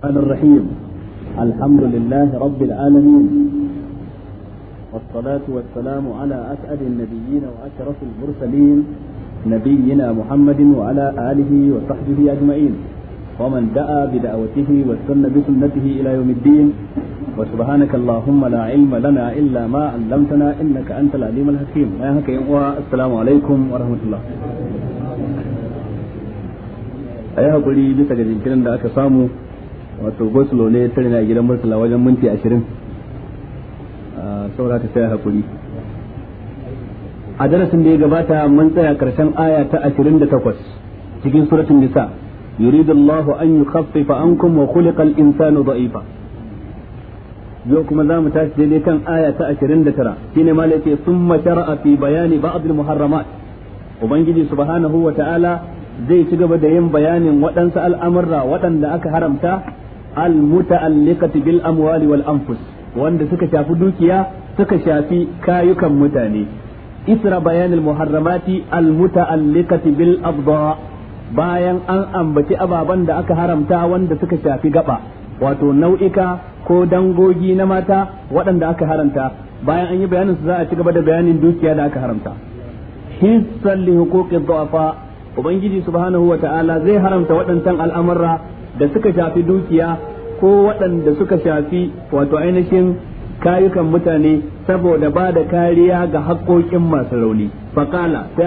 الرحمن الرحيم الحمد لله رب العالمين والصلاة والسلام على أسعد النبيين وأشرف المرسلين نبينا محمد وعلى آله وصحبه أجمعين ومن دعا بدعوته واستنى بسنته إلى يوم الدين وسبحانك اللهم لا علم لنا إلا ما علمتنا إنك أنت العليم الحكيم السلام عليكم ورحمة الله أيها yi haƙuri bisa ga jinkirin wato goslo ne ta rina gidan murtala wajen minti ashirin ah, a ta tsaya hakuri a darasin da ya gabata mun tsaya karshen aya ta ashirin da takwas cikin suratun nisa yuridu allahu an yi khaffifa an kuma kulikal insanu da'ifa yau kuma za mu tashi daidai kan aya ta ashirin da tara shi ne malai ce sun mashara a fi bayani ba abin muharramat ubangiji subhanahu wa ta'ala zai ci gaba da yin bayanin waɗansu al'amurra waɗanda aka haramta al-muta'alliqati bil amwali wal anfus wanda suka shafi dukiya suka shafi kayukan mutane isra bayanin muharramati al-muta'alliqati bil bayan an ambaci ababan da aka haramta wanda suka shafi gaba wato nau'ika ko dangogi na mata waɗanda aka haramta bayan an yi bayanin su za a ci gaba da bayanin dukiya da aka haramta hissan li huquqi dhu'afa ubangiji subhanahu wa ta'ala zai haramta waɗancan al'amurra da suka shafi dukiya ko waɗanda suka shafi wato ainihin kayukan mutane saboda ba da kariya ga haƙoƙin masu rauni faƙala sai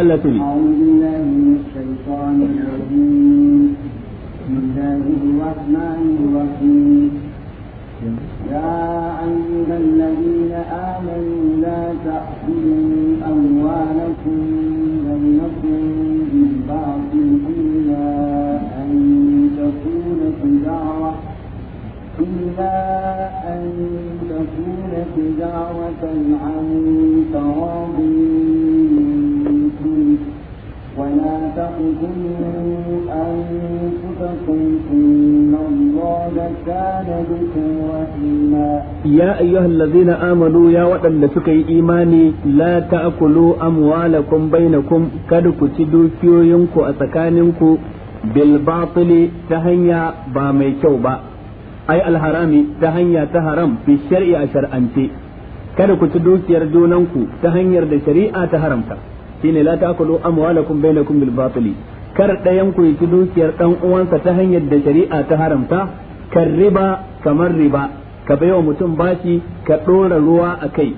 Allah ne يا أيها الذين آمنوا لا تأكلوا أموالكم بينكم بالباطل التجارة إلا أن تكون تجارة عن تراض منكم ولا تقتلوا أنفسكم إن الله كان بكم رحيما يا أيها الذين آمنوا يا وطن لسكي إيماني لا تأكلوا أموالكم بينكم كدكتدوا كيوينكو أتكاننكو bil ta hanya ba mai kyau ba ai alharami ta hanya ta haram fi shar'i a shar'ance kada ku ci dukiyar junanku ta hanyar da shari'a ta haramta shine la ta'kulu amwalakum bainakum bil batili kar ɗayan ku ci dukiyar dan uwansa ta hanyar da shari'a ta haramta kar riba kamar riba ka baiwa mutum bashi ka dora ruwa a kai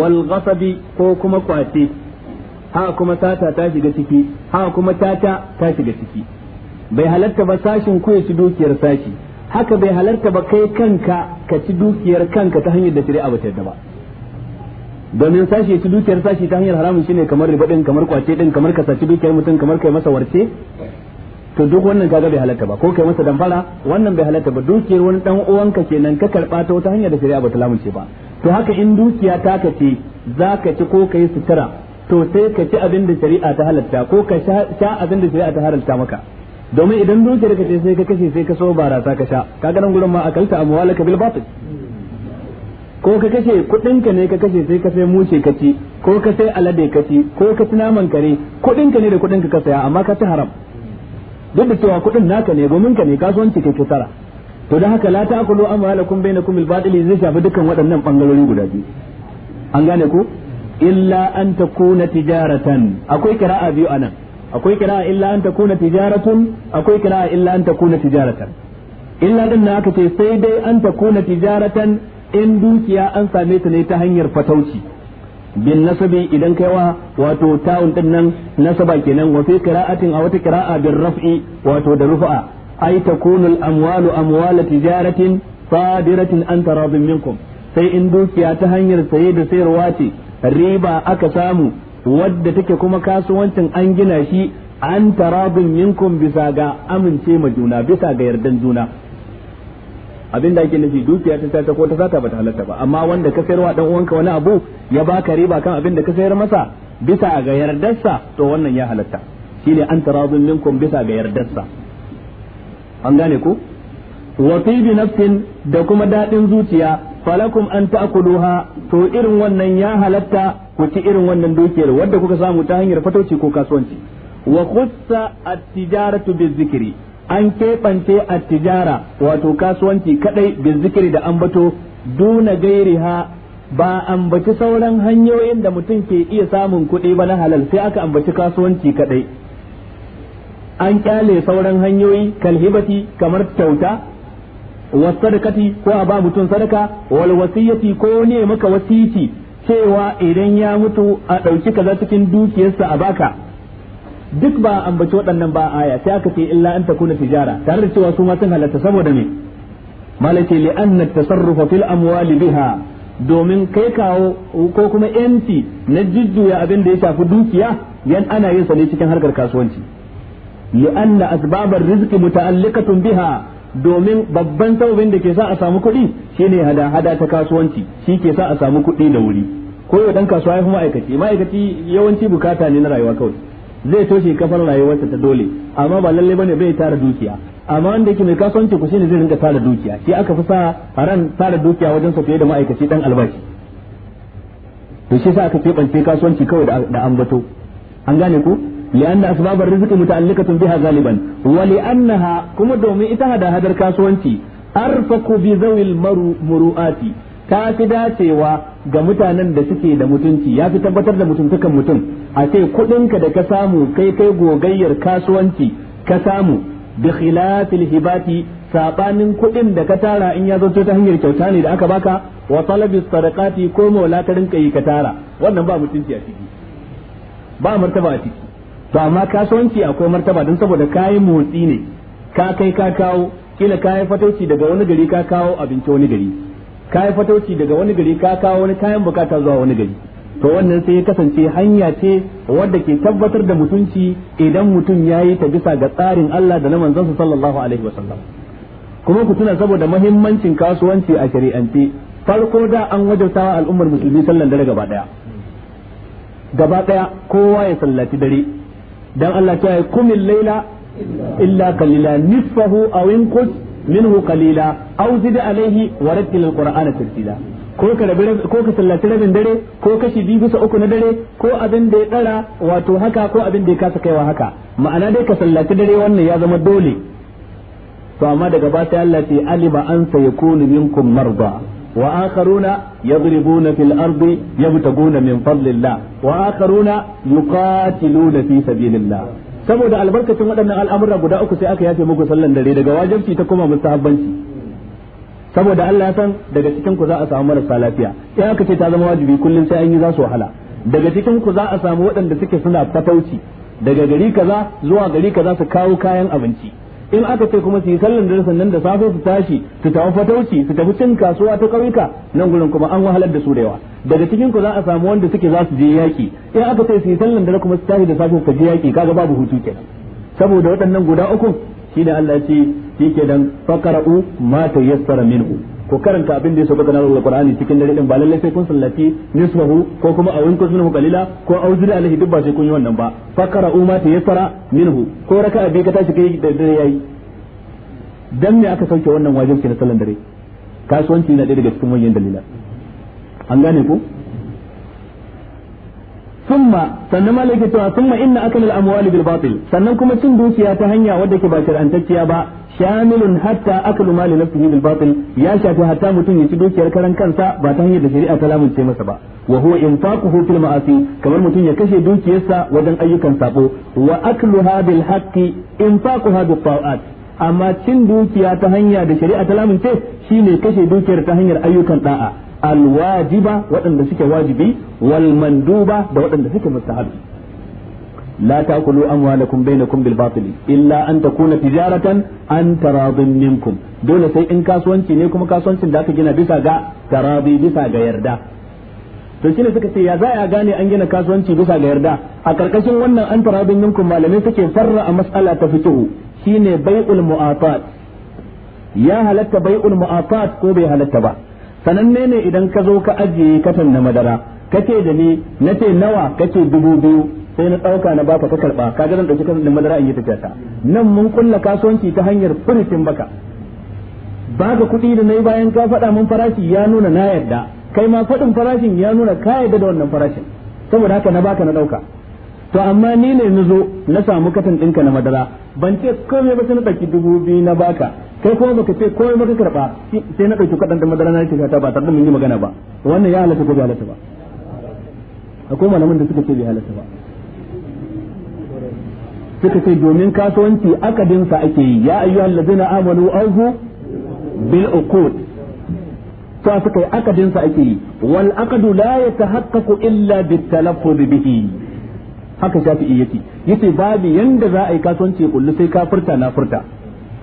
wal ghasabi ko kuma kwace ha kuma tata ta shiga ciki ha kuma tata ta shiga ciki bai halarta ba sashin ku ya ci dukiyar sashi haka bai halarta ba kai kanka ka ci dukiyar kanka ta hanyar da shari'a ba ta yadda ba domin sashi ya ci dukiyar sashi ta hanyar haramun shine kamar riba din kamar kwace din kamar ka saci dukiyar mutum kamar kai masa warce to duk wannan kaga bai halarta ba ko kai masa damfara wannan bai halarta ba dukiyar wani dan uwanka kenan ka karba ta wata hanyar da shari'a ba ta lamunce ba to haka in dukiya ta ka ce za ka ci ko ka yi sutura to sai ka ci abin da shari'a ta halarta ko ka sha abin da shari'a ta halarta maka domin idan dukiyar da kace sai ka kashe sai ka so barasa ka sha kaga nan gurin ma akalta amwalaka bil batil ko ka kashe kudin ka ne ka kashe sai ka sai muce ka ci ko ka sai alade ka ci ko ka ci naman kare kudin ka ne da kudin ka ka saya amma ka ci haram duk da cewa kudin naka ne gomin ka ne kasuwanci ke tara. to da haka la ta'kulu amwalakum bainakum bil batil zai shafi dukkan waɗannan bangarori guda biyu an gane ko illa an takuna tijaratan akwai kira'a biyu anan akwai kira'a illa an takuna tijaratun akwai kira'a illa an takuna tijaratan illa din na aka ce sai dai an takuna tijaratan in dukiya an same ta ne ta hanyar fatauci bin nasabi idan kaiwa wato ta'un din nan nasaba kenan wa fi qira'atin aw ta qira'a bin raf'i wato da rufa'a ay takunu al amwalu amwala tijaratin sadiratin an taradin minkum sai in dukiya ta hanyar saye da sayarwa ce riba aka samu wadda take kuma kasuwancin an gina shi an tarabin minkum bisa ga amince ma juna bisa ga yardan juna abin da ake nufi dukiya ta tata ko ta sata bata halatta ba amma wanda ka sayarwa dan uwanka wani abu ya baka riba kan abin da ka sayar masa bisa ga yardarsa to wannan ya halatta shine an tarabin minkum bisa ga yardarsa an gane ku wa tibi nafsin da kuma dadin zuciya falakum an ta'kuluha to irin wannan ya halatta ku ci irin wannan dukiyar wadda kuka samu ta hanyar fatauci ko kasuwanci wa khutta at-tijaratu bizikri an keɓance at-tijara wato kasuwanci kadai bizikri da ambato duna gairiha ba ambaci sauran hanyoyin da mutum ke iya samun kuɗi ba na halal sai aka ambaci kasuwanci kadai an kyale sauran hanyoyi kalhibati kamar kyauta wasadakati ko a ba mutum sadaka wal wasiyati ko ne maka wasiti cewa idan ya mutu a ɗauki kaza cikin dukiyarsa a baka duk ba ambaci waɗannan ba aya sai aka ce illa an takuna tijara tare da cewa su ma sun halatta saboda me malaka li anna tasarrufa fil amwali biha domin kai kawo ko kuma yanci na jujjuya abin da ya shafi dukiya yan ana yin sa ne cikin harkar kasuwanci li anna asbabar rizqi muta'alliqatun biha domin babban sababin da ke sa a samu kuɗi shine hada hada ta kasuwanci shi ke sa a samu kuɗi da wuri ko dan kasuwa ya fi ma'aikaci ma'aikaci yawanci bukata ne na rayuwa kawai zai toshe kafar rayuwarsa ta dole amma ba lalle bane bai tara dukiya amma wanda yake mai kasuwanci ku shine zai rinka tara dukiya shi aka fi sa ran tara dukiya wajen sa fiye da ma'aikaci dan albashi to shi sa aka keɓance kasuwanci kawai da ambato an gane ku لأن أسباب الرزق متعلقة بها غالبا ولأنها كما دومي إتهدى هذا الكاسوانتي أرفق بذوي ta fi dacewa. ga mutanen da suke da mutunci ya fi tabbatar da mutuntukan mutum a ce kudinka da ka samu kai kai gogayyar kasuwanci ka samu bi khilafil hibati sabanin kuɗin da ka tara in ya zato ta hanyar kyauta ne da aka baka wa talabis sadaqati ko maula ka rinka yi ka tara wannan ba mutunci a ciki ba martaba a ciki to amma kasuwanci akwai martaba don saboda kayi motsi ne ka kai ka kawo kila kai fatauci daga wani gari ka kawo abinci wani gari ka yi fatauci daga wani gari ka kawo wani kayan bukata zuwa wani gari to wannan sai ya kasance hanya ce wadda ke tabbatar da mutunci idan mutum ya yi ta bisa ga tsarin Allah da na manzansa sallallahu alaihi wasallam kuma ku tuna saboda mahimmancin kasuwanci a shari'ance farko da an wajabta wa al'ummar musulmi sallan dare gaba daya gaba daya kowa ya sallaci dare dan Allah ta yi kumil laila illa kalila nisfahu aw inqus minhu qalila aw alaihi wa rattil alqur'ana tartila ko ka ko ka sallaci rabin dare ko kashi biyu bisa uku na dare ko abin da ya tsara wato haka ko abin da ya kasa kaiwa haka ma'ana dai ka sallaci dare wannan ya zama dole to amma daga ba sai Allah ce alima an sayakunu minkum marda wa akharuna yadribuna fil ardi yabtaguna min fadlillah wa akharuna yuqatiluna fi sabilillah saboda albarkacin waɗannan al'amura guda uku sai aka yafe muku sallan dare daga wajen wajibi ta koma mustahabbanci saboda Allah ya san daga cikin ku za a samu marasa lafiya in aka ce ta zama wajibi kullum sai an yi za su wahala daga cikin ku za a samu waɗanda suke suna fatauci daga gari kaza zuwa gari kaza su kawo kayan abinci in aka ce kuma su yi sallan rasan sannan da safe su tashi su tafi fatauci su tafi cin kasuwa ta ƙauyuka nan gurin kuma an wahalar da su da yawa daga cikin ku za a samu wanda suke za su je yaki in aka ce su yi sallan da kuma su tashi da safe su je yaki kaga babu hutu kenan saboda waɗannan guda uku shi da Allah ce shi ke dan faqra'u ma tayassara minhu ko karanta abin da ya saba ganar alqur'ani cikin dare din ba lalle sai kun sallaci nisfahu ko kuma awin kun sunhu Kalila ko auzuri alaihi duk ba sai kun yi wannan ba fakara umma ta yasara minhu ko raka'a bi ka tashi kai da dare yayi dan me aka sauke wannan wajibi na sallan dare kasuwanci na daga cikin manyan dalila an gane ku. ثم sannan malaka cewa ثم ان اكل الاموال بالباطل sannan kuma cin dukiya ta hanya wadda ke ba shar'antacciya ba shamilun hatta aklu mali nafsihi bil ya shafi hatta mutum ya ci dukiyar karan kansa ba ta hanyar da shari'a ta lamunce masa ba wa huwa infaquhu fil ma'asi kamar mutum ya kashe dukiyarsa wajen ayyukan saɓo wa akluha bil haqqi infaquha bil ta'at amma cin dukiya ta hanya da shari'a ta lamunce shine kashe dukiyar ta hanyar ayyukan ɗa'a alwajiba waɗanda suke wajibi walmanduba da waɗanda suke mustahabi لا an أموالكم بينكم بالباطل إلا أن تكون تجارة عن تراض منكم دولة سي إن كاسوانتي نيكم كاسوانتي ذاك جنا بسا غا تراضي بسا غا يردا to shine suka ce ya za a gane an gina kasuwanci bisa ga yarda a karkashin wannan an taradin minkum malamai suke farra a mas'ala ta fito shine bai'ul mu'afat ya halatta bai'ul mu'afat ko bai halatta ba sananne ne idan ka zo ka ajiye katan na madara kace da ni nace nawa kace dubu biyu sai na ɗauka na baka ka karɓa ka ga zan ɗauki kasan da madara in yi tafiya ta nan mun kulla kasuwanci ta hanyar furitin baka baka kuɗi da nayi bayan ka faɗa mun farashi ya nuna na yarda kai ma faɗin farashin ya nuna ka yarda da wannan farashin saboda haka na baka na ɗauka to amma ni ne na zo na samu katon ɗinka na madara ban ce komai ba sai na ɗauki dubu biyu na baka kai kuma baka ce komai ba ka karɓa sai na ɗauki da madara na tafiya ta ba tare da mun yi magana ba wannan ya halatta ko bai halatta ba akwai malaman da suka ce bai halatta ba suka ce domin kasuwanci akadinsa ake yi ya ayyuha allazina amanu awfu bil uqud to suka yi akadinsa ake yi wal aqdu la yatahaqqaqu illa bit talaffuz bihi haka shafi yace yace babu yanda za a yi kasuwanci kullu sai ka furta na furta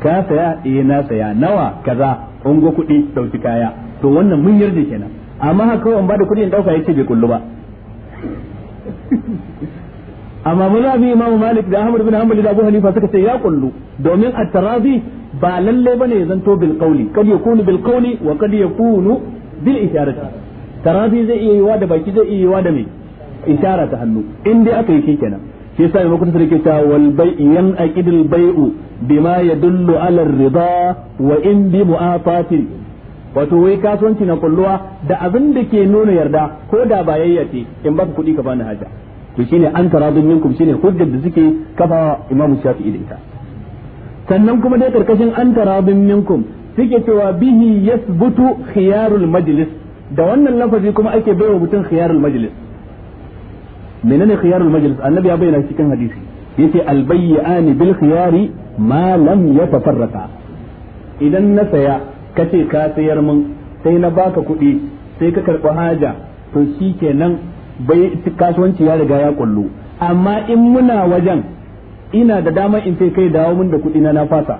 ka saya eh na saya nawa kaza ungo kudi dauki kaya to wannan mun yarda kenan amma haka kawai bada kuɗi in dauka yace bai kullu ba amma mazhabi imam malik da ahmad bin hanbal da abu hanifa suka ce ya kullu domin at-tarazi ba lalle bane zanto bil qawli kad yakunu bil qawli wa kad yakunu bil isharati tarazi zai iya yiwa da baki zai iya yiwa da me ishara ta hannu in dai aka yi shi kenan shi yasa mai mukunta yake cewa wal bai'u yan aqidul bai'u bima yadullu ala ar-ridha wa in bi mu'atatin wato wai kasuwanci na kulluwa da abin da ke nuna yarda ko da bayayya ce in ba ku kuɗi ka bani haja to shine an taradun minkum shine hujjar da suke kafa imamu shafi'i da ita sannan kuma dai karkashin an taradun minkum suke cewa bihi yasbutu khiyarul majlis da wannan lafazi kuma ake baiwa mutum khiyarul majlis menene khiyarul majlis annabi ya bayyana cikin hadisi yace al bayyani bil khiyari ma lam yatafarraqa idan na saya kace ka sayar mun sai na baka kuɗi sai ka karɓi haja to shikenan bai kasuwanci ya riga ya kullu amma in muna wajen ina da damar in ce kai dawo min da kuɗi na na fasa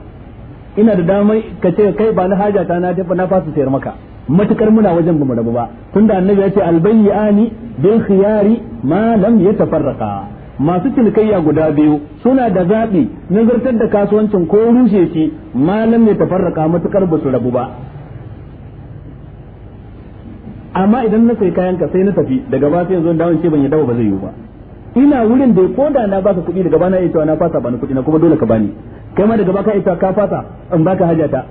ina da damar ka ce kai ba na haja ta na tafi na fasa sayar maka matukar muna wajen bamu rabu ba tunda annabi ya ce albayyani bil khiyari ma lam yatafarraqa masu cinikayya guda biyu suna da zaɓi nazartar da kasuwancin ko rushe shi malam ya tafarraka matukar ba su rabu ba amma idan na sai kayan ka sai na tafi daga ba sai yanzu dawo ce ban yi dawo ba zai yiwu ba ina wurin da ko da na baka kuɗi daga ba na ita na fasa ba na kuɗi na kuma dole ka bani kai ma daga ba ka ita ka fasa in baka hajata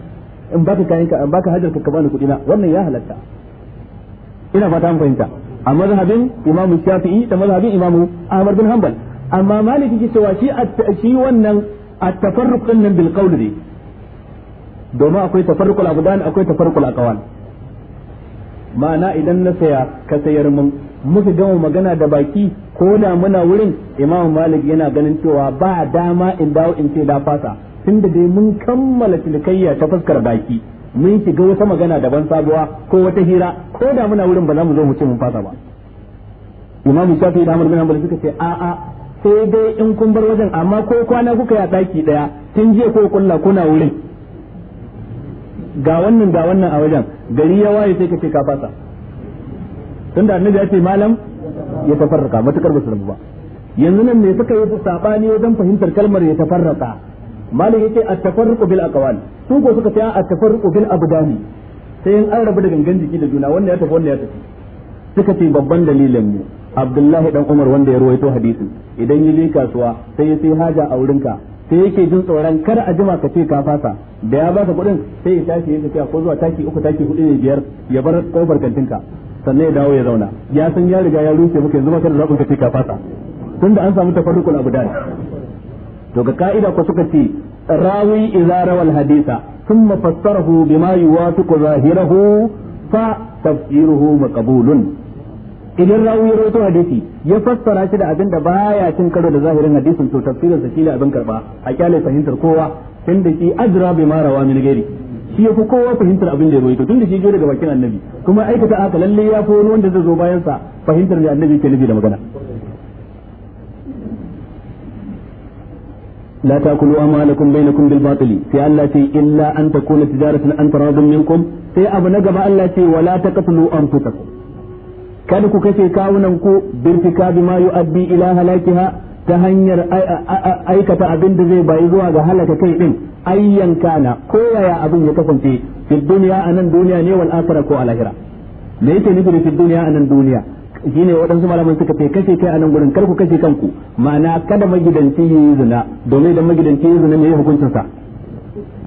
in baka kayan ka in baka hajar ka bani kuɗi na wannan ya halatta ina fata an fahimta a mazhabin Imamu Shafi'i da mazhabin Imamu Ahmad bin Hanbal amma Maliki ke cewa shi shi wannan at-tafarruq din bil qawl ne domin akwai tafarruqul abdan akwai tafarruqul aqwal ma'ana idan na saya ka sayar mun muka gama magana da baki ko da muna wurin imam malik yana ganin cewa ba dama in dawo in ce da fasa tun da dai mun kammala tilkayya ta fuskar baki mun shiga wata magana daban sabuwa ko wata hira ko da muna wurin ba za mu zo mu ce mun fasa ba imam shafi da amur bin suka ce a'a sai dai in kun bar wajen amma ko kwana kuka ya daki daya tun jiya ko kulla kuna wurin ga wannan ga wannan a wajen gari ya waye sai ka ce ka fasa tunda annabi ya ce malam ya tafarraka matukar ba su rabu ba yanzu nan ne suka yi sabani wajen fahimtar kalmar ya tafarraka malam yace at-tafarruqu bil aqwal su ko suka ce at-tafarruqu bil abdani sai in an rabu da gangan jiki da juna wannan ya tafi wannan ya tafi suka ce babban dalilin mu Abdullahi dan Umar wanda ya ruwaito hadisin idan yi kasuwa sai ya sai haja a wurinka sai yake jin tsoron kar a jima ka ce ka fasa da ya baka kuɗin sai ya tashi ya tafiya ko zuwa taki uku taki hudu ne biyar ya bar kofar kantinka sannan ya dawo ya zauna ya san ya riga ya rushe maka yanzu maka da zaɓin ka ce ka fasa tun da an samu tafarrukul abudan to ga ka'ida ko suka ce rawi idza rawal haditha thumma fassarahu bima yuwafiqu zahirahu fa tafsiruhu maqbulun idan rawi ya rawaito hadisi ya fassara shi da abin da baya cin karo da zahirin hadisin to tafsirin sa shine abin karba a kyale fahimtar kowa da shi ajra bi ma rawa min gairi shi ya fi kowa fahimtar abin da ya rawaito tunda shi je daga bakin annabi kuma aikata haka lalle ya fi wani wanda zai zo bayan sa fahimtar da annabi ke nufi da magana لا تأكلوا أموالكم بينكم بالباطل في الله إلا أن تكون تجارة أن تراض منكم في أبنى قبل الله ولا تقتلوا أنفسكم kada ku kashe kawunan ku birtika ma yu'addi ila halakiha ta hanyar aikata abin da zai bayi zuwa ga halaka kai din ayyan kana ko yaya abin ya kasance fi duniya anan duniya ne wal akhirah ko alakhirah me yake nufi da fi duniya anan duniya shine waɗansu malaman suka ce kashe kai anan gurin kar ku kashe kanku ma'ana kada magidanci ya yi zina domin idan magidanci ya yi zina ne ya hukuncinsa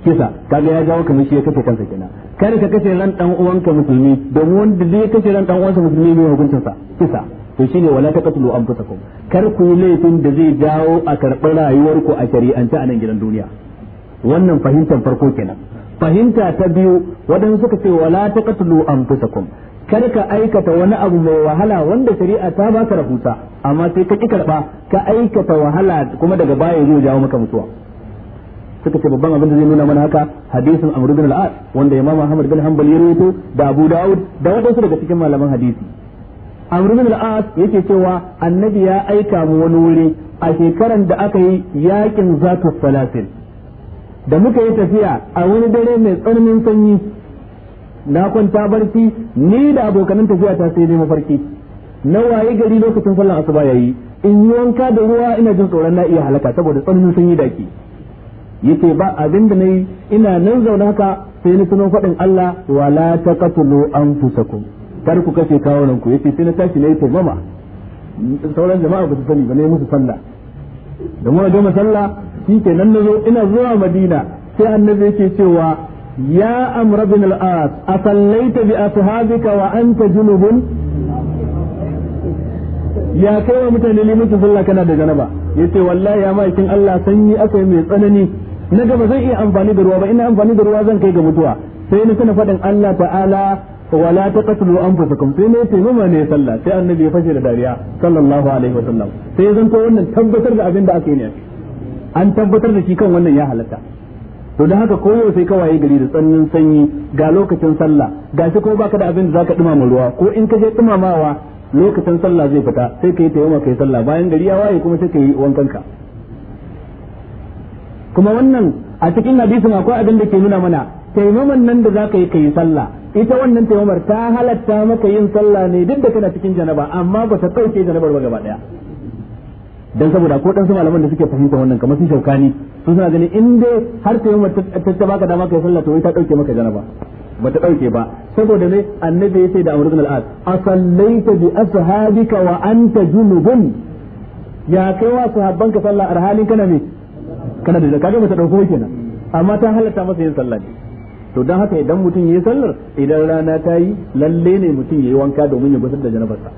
kisa kaga ya jawo kamar shi ya kashe kansa kenan Kar ka kashe ran dan uwanka musulmi domin wanda zai kashe ran dan uwansa musulmi bai hukuncin sa kisa to shine wala taqtulu anfusakum kar ku yi laifin da zai dawo a rayuwar ku a shari'ance a nan gidan duniya wannan fahimtar farko kenan fahimta ta biyu waɗansu suka ce wala taqtulu anfusakum kar ka aikata wani abu mai wahala wanda shari'a ta baka rahusa amma sai ka ki karba ka aikata wahala kuma daga baya zai jawo maka mutuwa suka ce babban abin da zai nuna mana haka hadisin Amr ibn al-As wanda Imam Ahmad bin Hanbal ya rawaito da Abu Dawud da wadansu daga cikin malaman hadisi Amr ibn al-As yake cewa annabi ya aika mu wani wuri a shekaran da aka yi yakin zakat falasil da muka yi tafiya a wani dare mai tsananin sanyi na kwanta barci ni da abokanan tafiya ta sai ne mafarki na waye gari lokacin sallar asuba yayi in yi wanka da ruwa ina jin tsoron na iya halaka saboda tsananin sanyi da ke yace ba abin da nayi ina nan zauna haka sai ni tuno faɗin Allah wala taqtulu anfusakum kar ku kashe kawunan ku yace sai na tashi nayi tawama sauran jama'a ba su sani ba nayi musu sallah da mu gama sallah shi ke nan nazo ina zuwa Madina sai annabi yake cewa ya amr bin al-as asallaita bi ashabika wa anta junubun ya kai wa mutane ne musu sallah kana da janaba yace wallahi ya ma'aikin Allah sanyi aka yi mai tsanani na gaba zai zan iya amfani da ruwa ba ina amfani da ruwa zan kai ga mutuwa sai na tana fadin Allah ta'ala wala taqtulu anfusakum sai ne taimama ne sallah sai annabi ya fashe da dariya sallallahu alaihi wa sallam sai ya zanto wannan tabbatar da abin da aka yi ne an tabbatar da shi kan wannan ya halatta to da haka koyo sai waye gari da tsannin sanyi ga lokacin sallah ga shi ko baka da abin da zaka dumama ruwa ko in ka je dumamawa lokacin sallah zai fita sai ka yi taimama kai sallah bayan gari ya waye kuma sai ka yi ka. kuma wannan a cikin hadisin akwai abin da ke nuna mana taimaman nan da zaka yi kai sallah ita wannan taimamar ta halatta maka yin sallah ne duk da kana cikin janaba amma ba ta kauce janabar ba gaba daya dan saboda ko dan malaman da suke fahimta wannan kamar su shaukani su suna ganin in dai har taimamar ta baka dama kai sallah to ita dauke maka janaba ba ta dauke ba saboda ne annabi yace da amrul al'ad asallaita bi ashabika wa anta junubun ya kai wa sahabbanka sallah arhalin kana ne kana da ga bata dauko kenan amma ta halatta masa yin sallah ne to dan haka idan mutum yayi sallar idan rana ta yi lalle ne mutum yayi wanka domin ya gusar da janabarsa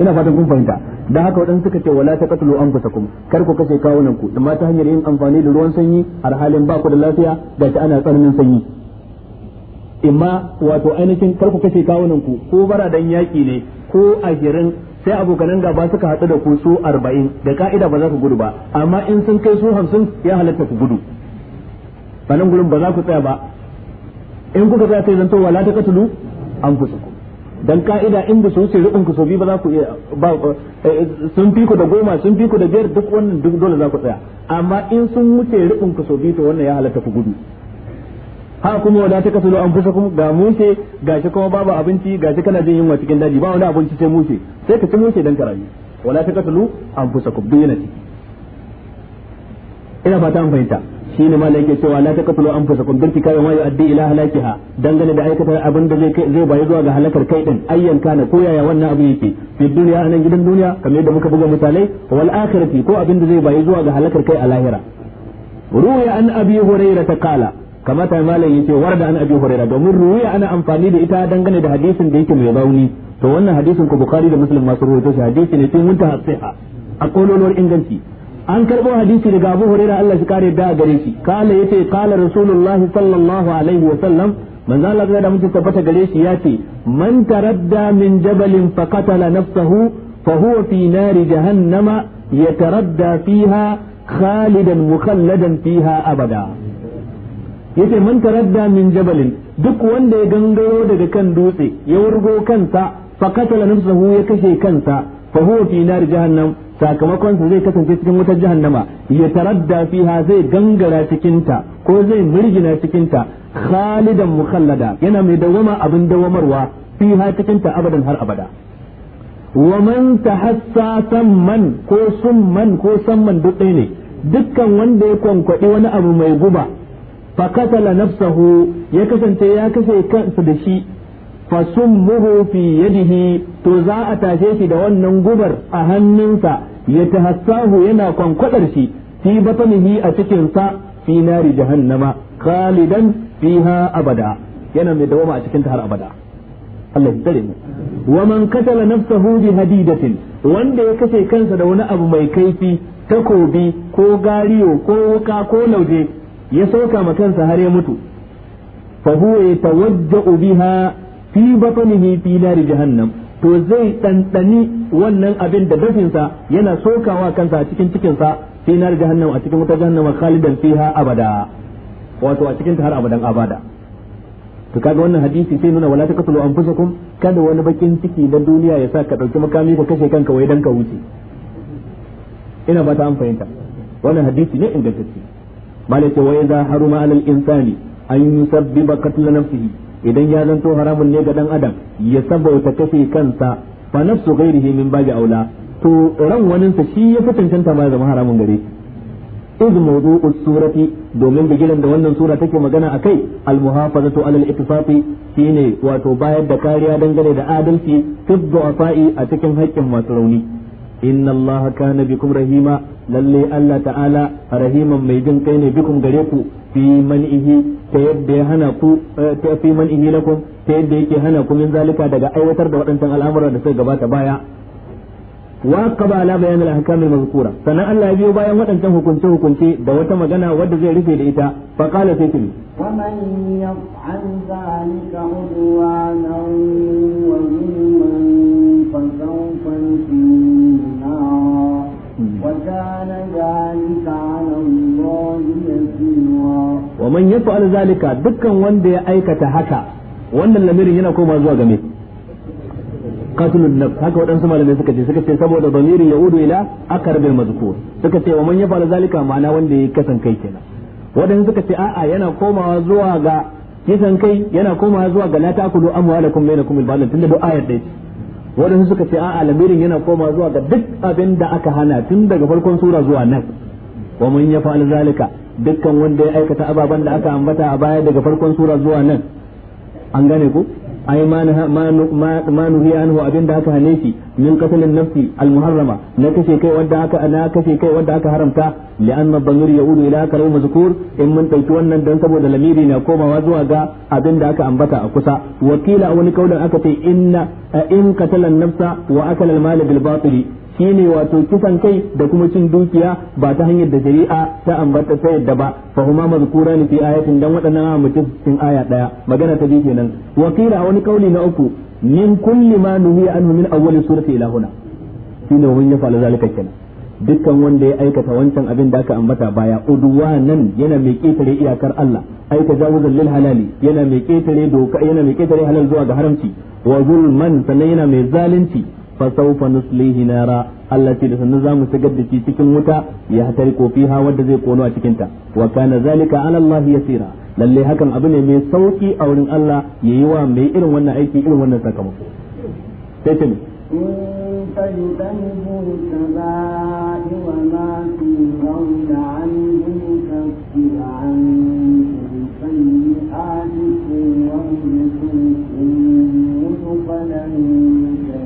ina fatan kun fahimta dan haka wadansu suka ce wala taqtulu anfusakum kar ku kashe kawunan ku amma ta hanyar yin amfani da ruwan sanyi har halin ba ku da lafiya da ta ana tsananin sanyi imma wato ainihin kar ku kashe kawunan ku ko bara dan yaki ne ko a girin sai nan gaba suka hadu da ku su arba'in da ka'ida ba za ku gudu ba amma in sun kai su hamsin ya halatta ku gudu ba nan gurin ba za ku tsaya ba in kuka tsaya sai zanto wala ta katulu an fusu ku dan ka'ida in ba su wuce rubun ku so bi ba za ku iya ba eh, sun fi ku da goma sun fi ku da biyar duk wannan duk dole za ku tsaya amma in sun wuce rubun ku so bi to wannan ya halatta ku gudu ha kuma wala ta kasulu an fusa kuma ga mushe gashi kuma babu abinci gashi kana jin yunwa cikin daji ba wani abinci sai mushe sai ka ci mushe dan karayi wala ta kasulu an fusa kuma duk yana ciki ina fata an fahimta shine malai yake cewa la ta kasulu an fusa kuma dinki kai ma yu'addi ila halakiha dangane da aikata abin da zai bayi zuwa ga halakar kai din ayyan kana ko yaya wannan abu yake fi duniya anan gidan duniya kamar yadda muka buga misalai wal akhirati ko abin da zai bayi zuwa ga halakar kai a lahira ruwa an abi hurairah qala kamata malam yace warda an abi hurairah domin ruwiya ana amfani da ita dangane da hadisin da yake mai rauni to wannan hadisin ko bukhari da muslim masu rawaito shi hadisi ne tun muntaha siha a kololuwar inganci an karbo hadisi daga abu hurairah Allah shi kare da gare shi kala yace kala rasulullah sallallahu alaihi wa sallam manzo Allah da mutum tabbata gare shi yace man taradda min jabalin fa qatala nafsahu fa huwa fi nari jahannama yataradda fiha khalidan mukhalladan fiha abada yace man taradda min jabalin duk wanda ya gangaro daga kan dutse ya wurgo kansa fa katala nafsuhu ya kashe kansa fa huwa fi nar jahannam sakamakon sa zai kasance cikin wutar jahannama ya taradda fiha zai gangara cikin ta ko zai murgina cikin ta khalidan mukhallada yana mai dawama abin dawamarwa fiha cikin ta abadan har abada wa man tahassa samman ko summan ko samman duk ne dukkan wanda ya kwankwadi wani abu mai guba fa katala nafsahu ya kasance ya kashe kansa da shi fa summuhu fi yadihi to za a tashe shi da wannan gubar a hannunsa ya tahassahu yana kwankwadar shi fi batanihi a cikin sa fi nari jahannama khalidan fiha abada yana mai dawama a cikin ta har abada Allah ya tsare mu wa man katala bi hadidatin wanda ya kashe kansa da wani abu mai kaifi takobi ko gariyo ko wuka ko lauje ya sauka ma kansa har ya mutu fa huwa yatawajja'u biha fi batnihi fi nar jahannam to zai dandani wannan abin da sa yana sokawa kansa a cikin cikinsa fi nar jahannam a cikin wutar jahannam khalidan fiha abada wato a cikin ta har abadan abada to kaga wannan hadisi sai nuna wala taqtulu anfusakum kada wani bakin ciki na duniya ya sa ka dauki makami ka kashe kanka wai dan ka wuce ina ba ta an fahimta wannan hadisi ne ingantacce malaka za har ma alal insani an yusabbiba qatl nafsihi idan ya zanto haramun ne ga dan adam ya sabauta kashe kansa fa nafsu ghairihi min babi aula to ran waninsa shi ya fi cancanta ma zama haramun gare shi iz mawdu'u surati domin bigilan da wannan sura take magana akai al muhafazatu alal ittifaqi shine wato bayar da kariya dangane da adalci fi du'afa'i a cikin haƙƙin masu rauni inna allaha kana bikum rahima lallai allah ta'ala rahima mai jin kai ne bikum gare ku fi man'ihi ta yadda ya hana ku eh, ta fi man'ihi lakum hana ku min zalika daga aiwatar da waɗancan al'amuran da suka gabata baya wa qaba ala bayan al-ahkam al sanan Allah ya biyo bayan waɗancan hukunce hukunce da wata magana wadda zai rufe da ita fa qala sai tuni faman yaf'al zalika udwanan wa zulman fa sawfa ومن يفعل ذلك دكان وندا يا ايكتا هكا wannan lamirin yana koma zuwa game qatl an-naf haka wadansu malamai suka ce saboda lamirin ya udu ila akar bil mazkur suka ce wa man yafal ma'ana wanda yake kasan kai kenan wadansu suka ce a'a yana komawa zuwa ga kisan kai yana komawa zuwa ga la ta'kulu amwalakum bainakum bil batil tunda do ayat dai waɗansu suka ce a lamirin yana koma zuwa ga duk abin da aka hana tun daga farkon sura zuwa nan wa mun ya fa'al zalika dukkan wanda ya aikata ababen da aka ambata a baya daga farkon sura zuwa nan an gane ku ai ma ma nuhi anhu abinda aka hane shi min qatlin nafsi al muharrama na kashe kai wanda aka na kashe kai wanda aka haramta li anna dhamir yaudu ila karu mazkur in mun dauki wannan dan saboda lamiri na komawa zuwa ga abinda aka ambata a kusa wakila wani kaulin aka ce inna in qatala nafsa wa akala al mal bil batili shine wato kisan kai da kuma cin dukiya ba ta hanyar da shari'a ta ambata ta yadda ba fa huma mazkura ni fi ayatin dan waɗannan a mutum cikin aya ɗaya magana ta bi kenan wakila wani kauli na uku min kulli ma nuhi anhu min awwal surati ila huna shine wani ya fa'ala zalika kenan dukkan wanda ya aikata wancan abin da aka ambata baya nan yana mai ƙetare iyakar Allah aika tajawuzan lil halali yana mai ƙetare doka yana mai halal zuwa ga haramci wa zulman sannan yana mai zalunci فسوف نصليه نارا التي لسنزام سجدتي تكن متى يهترق فيها ودزي قولوا تكنتا وكان ذلك على الله يسيرا للي هكم أبنى من سوكي أو من الله ييوى من إلو ونا عيكي إلو ونا ساكم تتم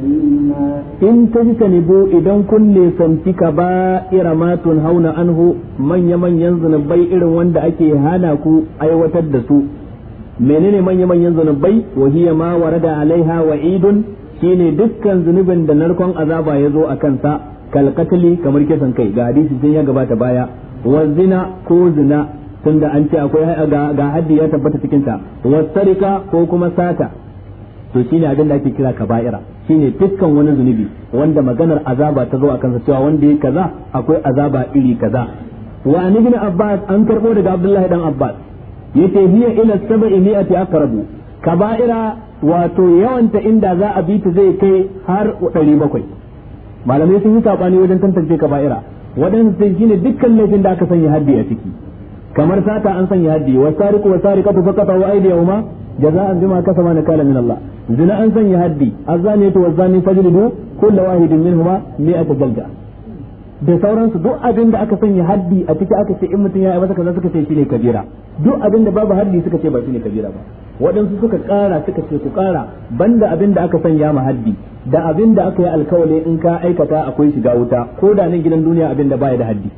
in tajtanibu idan kun nisanci ka ba ira matun hauna anhu manya-manyan zunubai irin wanda ake hana ku aiwatar da su menene manya-manyan zunubai wahiya ma warada alaiha wa'idun shine dukkan zunubin da narkon azaba ya zo a kansa kalkatali kamar kisan kai ga hadisi sun ya gabata baya wa zina ko zina tunda an ce akwai ga haddi ya tabbata cikinta wa sarika ko kuma sata to shine abin da ake kira kaba'ira shine dukkan wani zunubi wanda maganar azaba ta zo a kansa cewa wanda yake kaza akwai azaba iri kaza wa an ibn abbas an karbo daga abdullahi dan abbas yace hiya ila sab'i mi'ati aqrabu kaba'ira wato yawanta inda za a bi ta zai kai har 700 malamai sun yi sabani wajen tantance kaba'ira waɗansu sai shine dukkan laifin da aka sanya haddi a ciki kamar sata an sanya haddi wasariqu wasariqatu faqata wa aydiyahuma jaza'an bima kasaba nakala min Allah zina an sanya haddi azani to wazani fajlidu kullu wahidin minhuma mi'ata jalda da sauransu duk abin da aka sanya haddi a ciki aka ce in mutum ya yi masa kaza suka ce shine kabira duk abin da babu haddi suka ce ba shine kabira ba waɗansu suka ƙara suka ce ku ƙara banda abin da aka sanya ma haddi da abin da aka yi alkawali in ka aikata akwai shiga wuta ko da nan gidan duniya abin da baya da haddi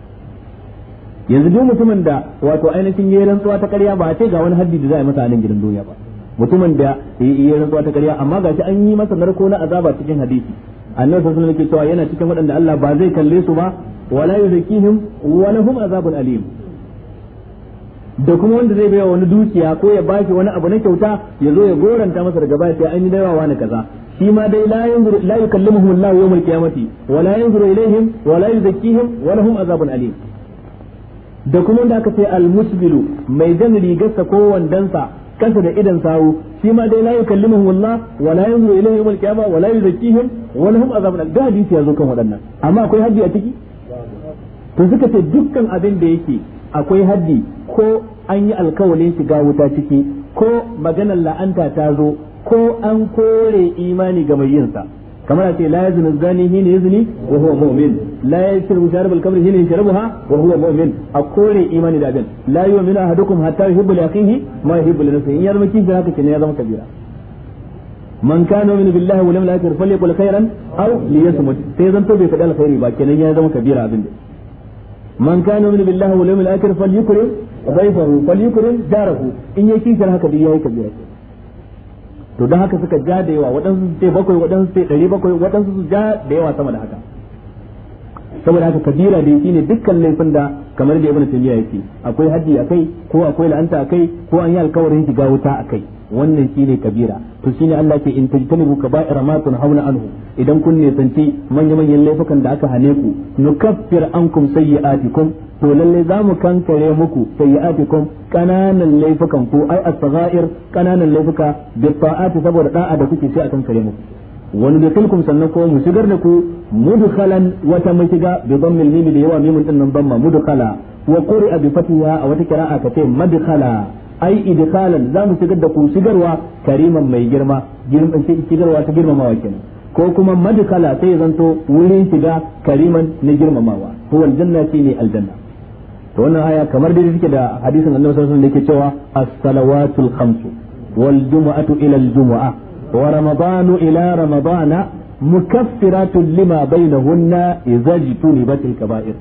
yanzu duk mutumin da wato ainihin yayin rantsuwa ta ƙarya ba a ce ga wani haddi da za a yi masa a nan gidan duniya ba mutumin da ya rantsuwa ta karya amma gashi an yi masa narko na azaba cikin hadisi annabi sallallahu alaihi wasallam yana cikin waɗanda Allah ba zai kalle su ba wala yuzakihim wa lahum azabun alim da kuma wanda zai baiwa wani dukiya ko ya baki wani abu na kyauta ya zo ya goranta masa daga baya sai an yi dawa wani kaza shi ma dai la yanzuru la yukallimuhum Allah yawmal qiyamati wala yanzuru ilaihim wala yuzakihim wa lahum azabun alim da kuma wanda aka ce al-musbilu mai jan rigarsa ko wandansa kansa da idan sawu shi ma dai la yukallimuhum Allah wa la yanzuru ilayhim yawm al-qiyamah wa la yuzakkihim wa lahum azabun da hadisi yazo kan wadannan amma akwai haddi a ciki to suka ce dukkan abin da yake akwai haddi ko an yi alkawalin shiga wuta ciki ko maganar la'anta ta zo ko an kore imani ga mai yinsa kamar ce la yazinu zani hina yazni wa huwa mu'min la yashrabu sharab al-khamr hina yashrabuha wa huwa mu'min a kore imani da abin la yu'minu ahadukum hatta yuhibbu li akhihi ma yuhibbu li nafsihi in yarmaki da haka kin ya zama kabira man kana min billahi wal malaikati falyakul khairan aw liyasmut sai zan to bai faɗi alkhairi ba kenan ya zama kabira abin da man kana min billahi wal malaikati falyakul dhaifahu falyakul jarahu in to don haka suka ja da yawa waɗansu su ce bakwai waɗansu su ce ɗari bakwai waɗansu su ja da yawa sama da haka saboda haka kabira dai shine dukkan laifin da kamar da ibnu taymiya yake akwai haddi akai ko akwai la'anta akai ko an yi alkawarin shiga wuta akai wannan shine kabira to shine Allah ke in tajtanibu kaba'ir ma tunhauna anhu idan kun ne santi manyan manyan laifukan da aka hane ku nukaffir ankum sayyi'atikum to lalle za mu kankare muku sayyi'atikum kananan laifukan ku ai as-sagha'ir kananan laifuka bi ta'ati saboda da'a da kuke sai a kankare muku wani da kulkum sannan ko mu shigar da ku mudkhalan wata mashiga bi dhammil mim da yawa mimun din nan dhamma mudkhala wa quri'a bi fatiha a wata qira'a ka ce madkhala ai idkhalan za mu shigar da ku shigarwa kariman mai girma girman shigarwa ta girmamawa kenan ko kuma madkhala sai zanto wurin shiga kariman na girmamawa huwa aljanna ne aljanna to wannan aya kamar dai take da hadisin annabi sallallahu alaihi wasallam da yake cewa as-salawatul khamsu wal jumu'atu ila al-jumu'ah ورمضان إلى رمضان مكفرات لما بينهن إذا اجتنبت الكبائر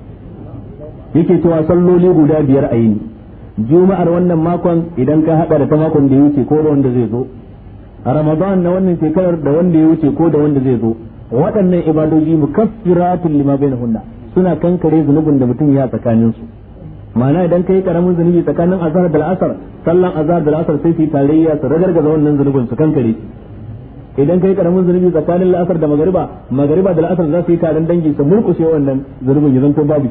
yake cewa salloli guda biyar a yini juma'ar wannan makon idan ka hada da ta makon da ya wuce ko da wanda zai zo A ramadan na wannan shekarar da wanda ya wuce ko da wanda zai zo waɗannan ibadoji mukaffiratun na hunna suna kankare zunubin da mutum ya tsakanin su ma'ana idan ka yi ƙaramin zunubi tsakanin azhar da la'asar sallan azhar da la'asar sai su yi tarayya su ragargaza wannan zunubin su kankare idan kai karamin zunubi tsakanin la'asar da magariba magariba da la'asar za su yi taron dangi su murkushe wannan zunubin ya zanto babu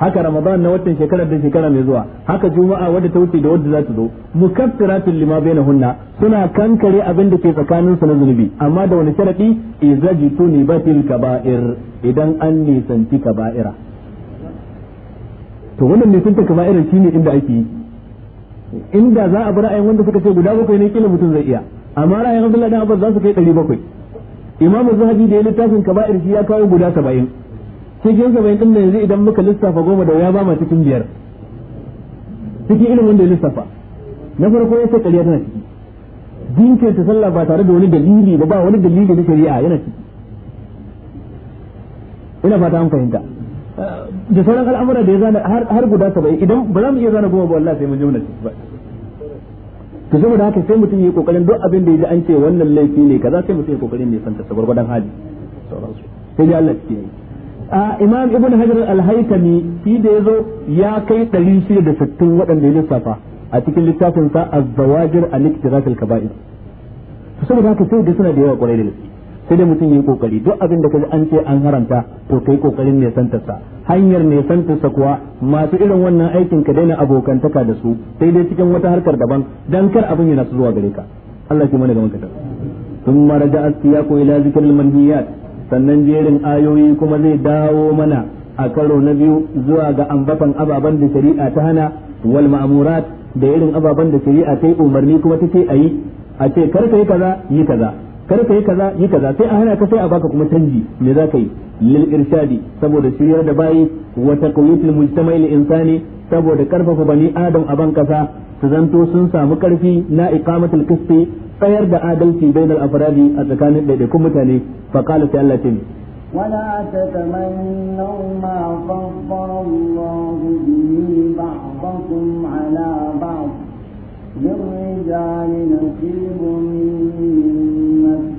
haka ramadan na watan shekarar da shekara mai zuwa haka juma'a wadda ta wuce da wadda za ta zo mukaffiratul lima bainahunna suna kankare abin da ke tsakanin su na zunubi amma da wani sharadi izajituni batil kaba'ir idan an nisanci kaba'ira to wannan nisanta kaba'ira shine inda ake yi inda za a bar ayin wanda suka ce guda bakwai ne kila mutum zai iya amma ra'ayin Abdullahi dan Abbas za su kai bakwai. Imam Zahabi da ya littafin kaba'ir shi ya kawo guda saba'in cikin saba'in din yanzu idan muka lissafa goma da ya ba ma cikin biyar cikin ilimin da ya lissafa na farko ya ce ƙarya tana ciki ta sallah ba tare da wani dalili ba ba wani dalili na shari'a yana ciki ina fata an fahimta da sauran al'amura da ya zana har guda saba'in idan ba za mu iya zana goma ba wallahi sai mun je mun ba to saboda haka sai mutum yi kokarin duk abin da ya ji an ce wannan laifi ne kaza sai mutum yi kokarin ne santa sabar gwadan hali sauransu sai ya Allah cikin a imam ibn hajar al-haytami shi da yazo ya kai 660 waɗanda ya lissafa a cikin littafin sa az-zawajir al-iktiras al-kaba'ir to saboda haka sai da suna da yawa kwarai da gaske sai dai mutum yi kokari duk abin da kaji an ce an haramta to kai kokarin ne sa hanyar ne sa kuwa masu irin wannan aikin ka daina abokantaka da su sai dai cikin wata harkar daban dan kar abin yana su zuwa gare ka Allah ke mana sun ka da رجع ko ila ذكر manhiyat sannan jerin ayoyi kuma zai dawo mana a karo na biyu zuwa ga ambaton ababen da shari'a ta hana wal ma'amurat da irin ababen da shari'a ta yi umarni kuma take a yi a ce kar ka yi kaza yi kaza kar ka yi kaza yi kaza sai a hana ka sai a baka kuma canji me za ka yi lil irshadi saboda shiryar da bayi wa taqwitul mujtama'i lil insani saboda karfafa bani adam a ban kasa su zanto sun samu karfi na iqamatul qisti tsayar da adalci bainal afradi a tsakanin daidaikun mutane fa qala sai Allah tin ولا تتمنوا ما فضل الله به بعضكم على بعض للرجال نصيب مما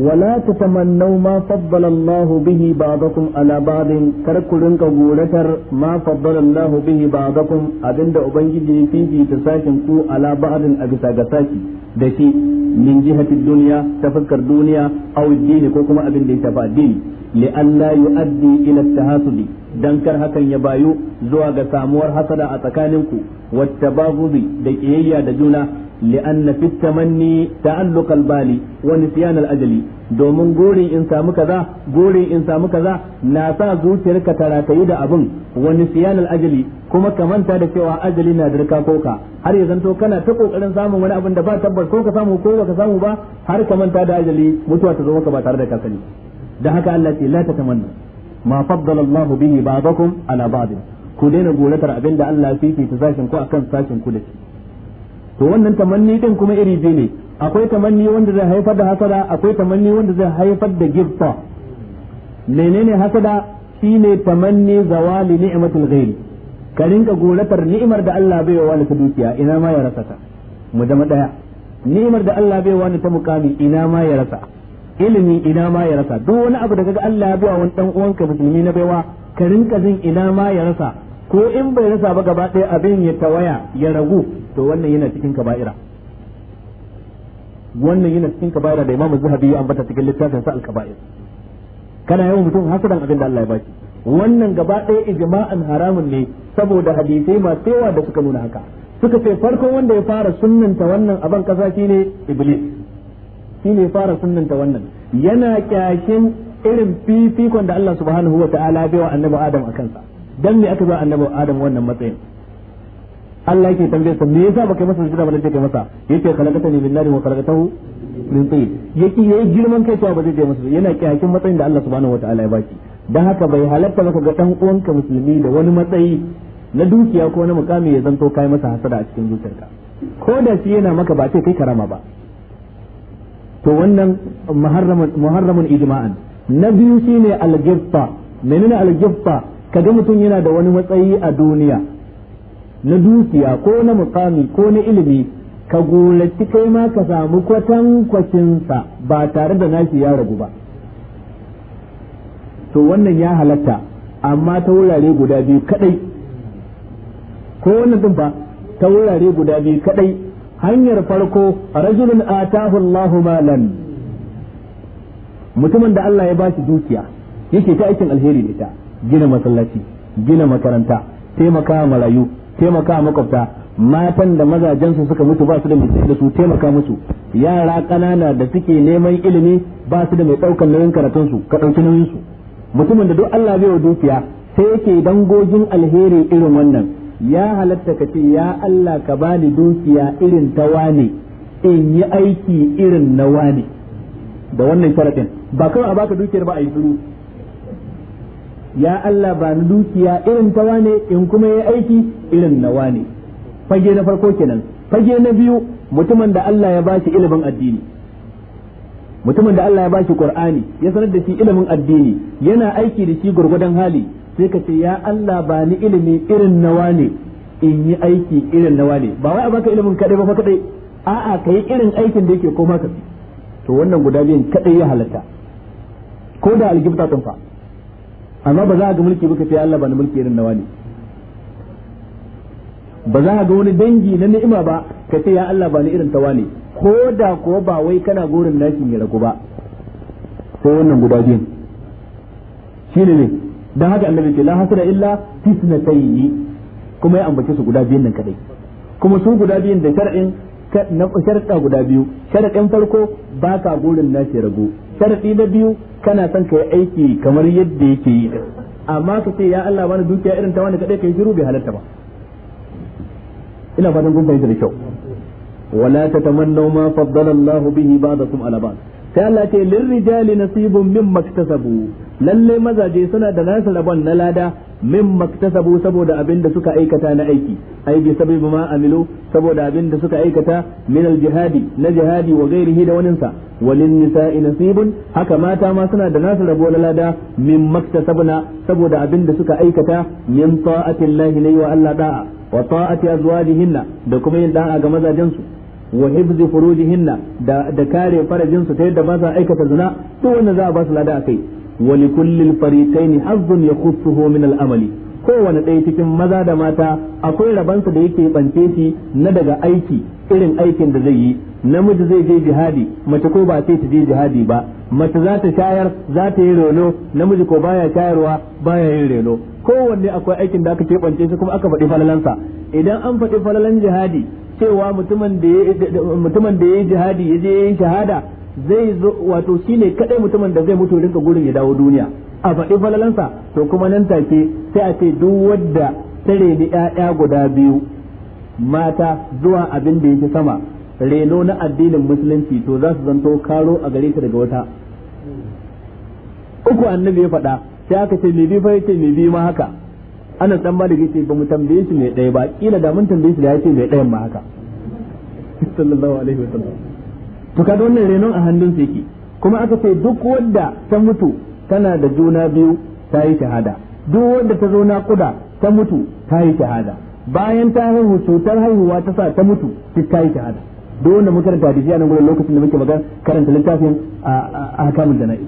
wala tatamannaw ma faddala Allahu bihi ba'dakum ala ba'din kar ku rinka goratar ma faddala Allahu bihi ba'dakum abinda ubangiji ya fifita sashin ku ala ba'din a bisa ga saki da shi min jihati duniya ta fuskar duniya aw dini ko kuma abin da ya shafa addini li alla yu'addi ila tahasubi dan kar hakan ya bayu zuwa ga samuwar hasara a tsakaninku wattabaghudi da kiyayya da juna لأن في التمني تعلق البال ونسيان ajali. domin gorin in samu kaza gorin in samu kaza na sa zuciyarka ta ratayi da abin wani siyanal ajali kuma ka manta da cewa ajali na dirka koka har ya zanto kana ta kokarin samun wani abin da ba tabbas ko ka samu ko baka samu ba har ka manta da ajali mutuwa ta zo maka ba tare da ka sani dan haka Allah ce la tatamanna ma faddala Allahu bihi ba'dakum ala ba'd ku daina goratar abin da Allah ya fifita sashin ku akan sashin ku da shi to wannan tamanni din kuma iri biyu ne akwai tamanni wanda zai haifar da hasada akwai tamanni wanda zai haifar da gifta menene hasada shine tamanni zawali ni'matul ghairi ka rinka goratar ni'imar da Allah bai wa ta dukiya ina ma ya rasa ta mu zama daya ni'imar da Allah bai wa ta mukami ina ma ya rasa ilimi ina ma ya rasa duk wani abu da kaga Allah ya biya wani dan uwanka musulmi na baiwa ka rinka jin ina ma ya rasa ko in bai rasa ba gaba ɗaya abin ya tawaya ya ragu to wannan yana cikin kaba'ira wannan yana cikin kaba'ira da imamu zahabi ya ambata cikin littafin sa al-kaba'ir kana yawan mutum hasadan abin da Allah ya baki wannan gaba ɗaya ijma'an haramun ne saboda hadisai masu yawa da suka nuna haka suka ce farkon wanda ya fara sunnanta wannan aban kasa shine iblis shine fara sunnanta wannan yana kyashin irin fifikon da Allah subhanahu wa ta'ala bai wa annabi Adam a kansa dan me aka ba annabi Adam wannan matsayin Allah yake tambayar sa me yasa baka masa sujada ba lalle kai masa khalaqata ni min nari wa khalaqatahu min tin yake yayi girman kai cewa ba zai je masa yana kiyakin matsayin da Allah subhanahu wataala ya baki dan haka bai halatta maka ga dan ka musulmi da wani matsayi na dukiya ko na mukami ya zanto kai masa hasada a cikin zuciyarka ko da shi yana maka ba sai kai karama ba to wannan muharramun muharramun ijma'an na biyu shine al-gifta menene al-gifta kaga mutum yana da wani matsayi a duniya na dukiya ko na mukami ko na ilimi ka gulaci kai ma ka samu kwatankwacinsa ba tare da nashi ya ragu ba to wannan ya halatta amma ta wurare guda biyu kadai ko wannan din ba ta wurare guda biyu kadai hanyar farko rajulun atahu Allahu malan mutumin da Allah ya ba shi dukiya yake ta aikin alheri da ita gina masallaci gina makaranta taimaka marayu taimaka makwabta matan da mazajensu suka mutu ba su da mai da su taimaka musu yara ƙanana da suke neman ilimi ba su da mai ɗaukar nauyin karatunsu ka ɗauki nauyinsu mutumin da duk Allah bai wa dukiya sai yake dangogin alheri irin wannan ya halatta ka ce ya Allah ka bani dukiya irin ta wane in yi aiki irin na wane da wannan sharaɗin ba kawai a baka dukiyar ba a yi turu. ya Allah ba ni dukiya irin ta wane in kuma yayi aiki irin na wane fage na farko kenan fage na biyu mutumin da Allah ya bashi ilimin addini mutumin da Allah ya bashi Qur'ani ya sanar da shi ilimin addini yana aiki da shi gurgudan hali sai ka ce ya Allah ba ni ilimi irin na wane in yi aiki irin na wane ba wai a baka ilimin kadai ba fa kadai a'a kai irin aikin da yake koma ka to wannan guda biyan kadai ya halatta ko da aljibta tun fa amma ba za a ga mulki ba ka ce Allah ba na mulki irin nawa ne ba za a ga wani dangi na ni'ima ba ka ce ya Allah ba ni irin tawa ne ko da ko ba wai kana gorin nashi ya ragu ba sai wannan guda biyun shi ne don haka annabi ce la hasada illa fitnatayni kuma ya ambace su guda biyun nan kadai kuma su guda biyun da shar'in sharɗa guda biyu sharaɗin farko ba ka gurin na shi rago sharaɗi na biyu kana son ka yi aiki kamar yadda yake yi amma ka ce ya Allah bani dukiya irin ta wanda kaɗai ka yi shiru bai halatta ba ina fatan kun fahimta da kyau wala tatamannaw ma faddala Allah bihi ba'dakum ala ba'd sai Allah ce lirrijali nasibun mimma iktasabu lalle mazaje suna da nasu rabon na lada min maktasabu saboda abinda suka aikata na aiki ai bi ma amilu saboda abinda suka aikata min al-jihadi na jihadi wa ghairihi da waninsa walin nisa'i nasibun haka mata ma suna da nasu rabo na lada min maktasabna saboda abinda suka aikata min ta'ati Allah ne wa Allah da'a wa ta'ati azwajihinna da kuma yin da'a ga mazajensu wa hibzi furujihinna da da kare farajinsu ta yadda ba za aikata zina duk wanda za a ba su lada kai. wa li kullil fariqaini hazzun yakhussuhu min al-amali kowane ɗaya cikin maza da mata akwai rabansa da yake bance shi na daga aiki irin aikin da zai yi namiji zai je jihadi mace ko ba sai ta je jihadi ba mace za ta shayar za ta yi reno namiji ko baya shayarwa baya yin reno kowanne akwai aikin da aka keɓance shi kuma aka faɗi falalansa idan an faɗi falalan jihadi cewa mutumin da ya yi jihadi ya je ya yi shahada zai zo wato shine kadai mutumin da zai mutu rinka gurin ya dawo duniya a faɗi falalansa to kuma nan take sai a ce duk wadda ta reni ƴaƴa guda biyu mata zuwa abin da yake sama reno na addinin musulunci to za su zanto karo a gare ta daga wata uku annabi ya faɗa sai aka ce me bi fa yace me bi ma haka ana dan ba da yace ba mu tambaye shi me ɗaya ba kila da mun tambaye shi da yace me ɗayan ma haka sallallahu alaihi wasallam to kaga wannan renon a hannun sa yake kuma aka ce duk wanda ta mutu tana da juna biyu ta yi shahada duk wanda ta zo naƙuda ta mutu ta yi shahada bayan ta haihu cutar haihuwa ta sa ta mutu duk ta yi shahada duk wanda muka karanta hadisi nan gurin lokacin da muke magana karanta littafin a hakamun jana'i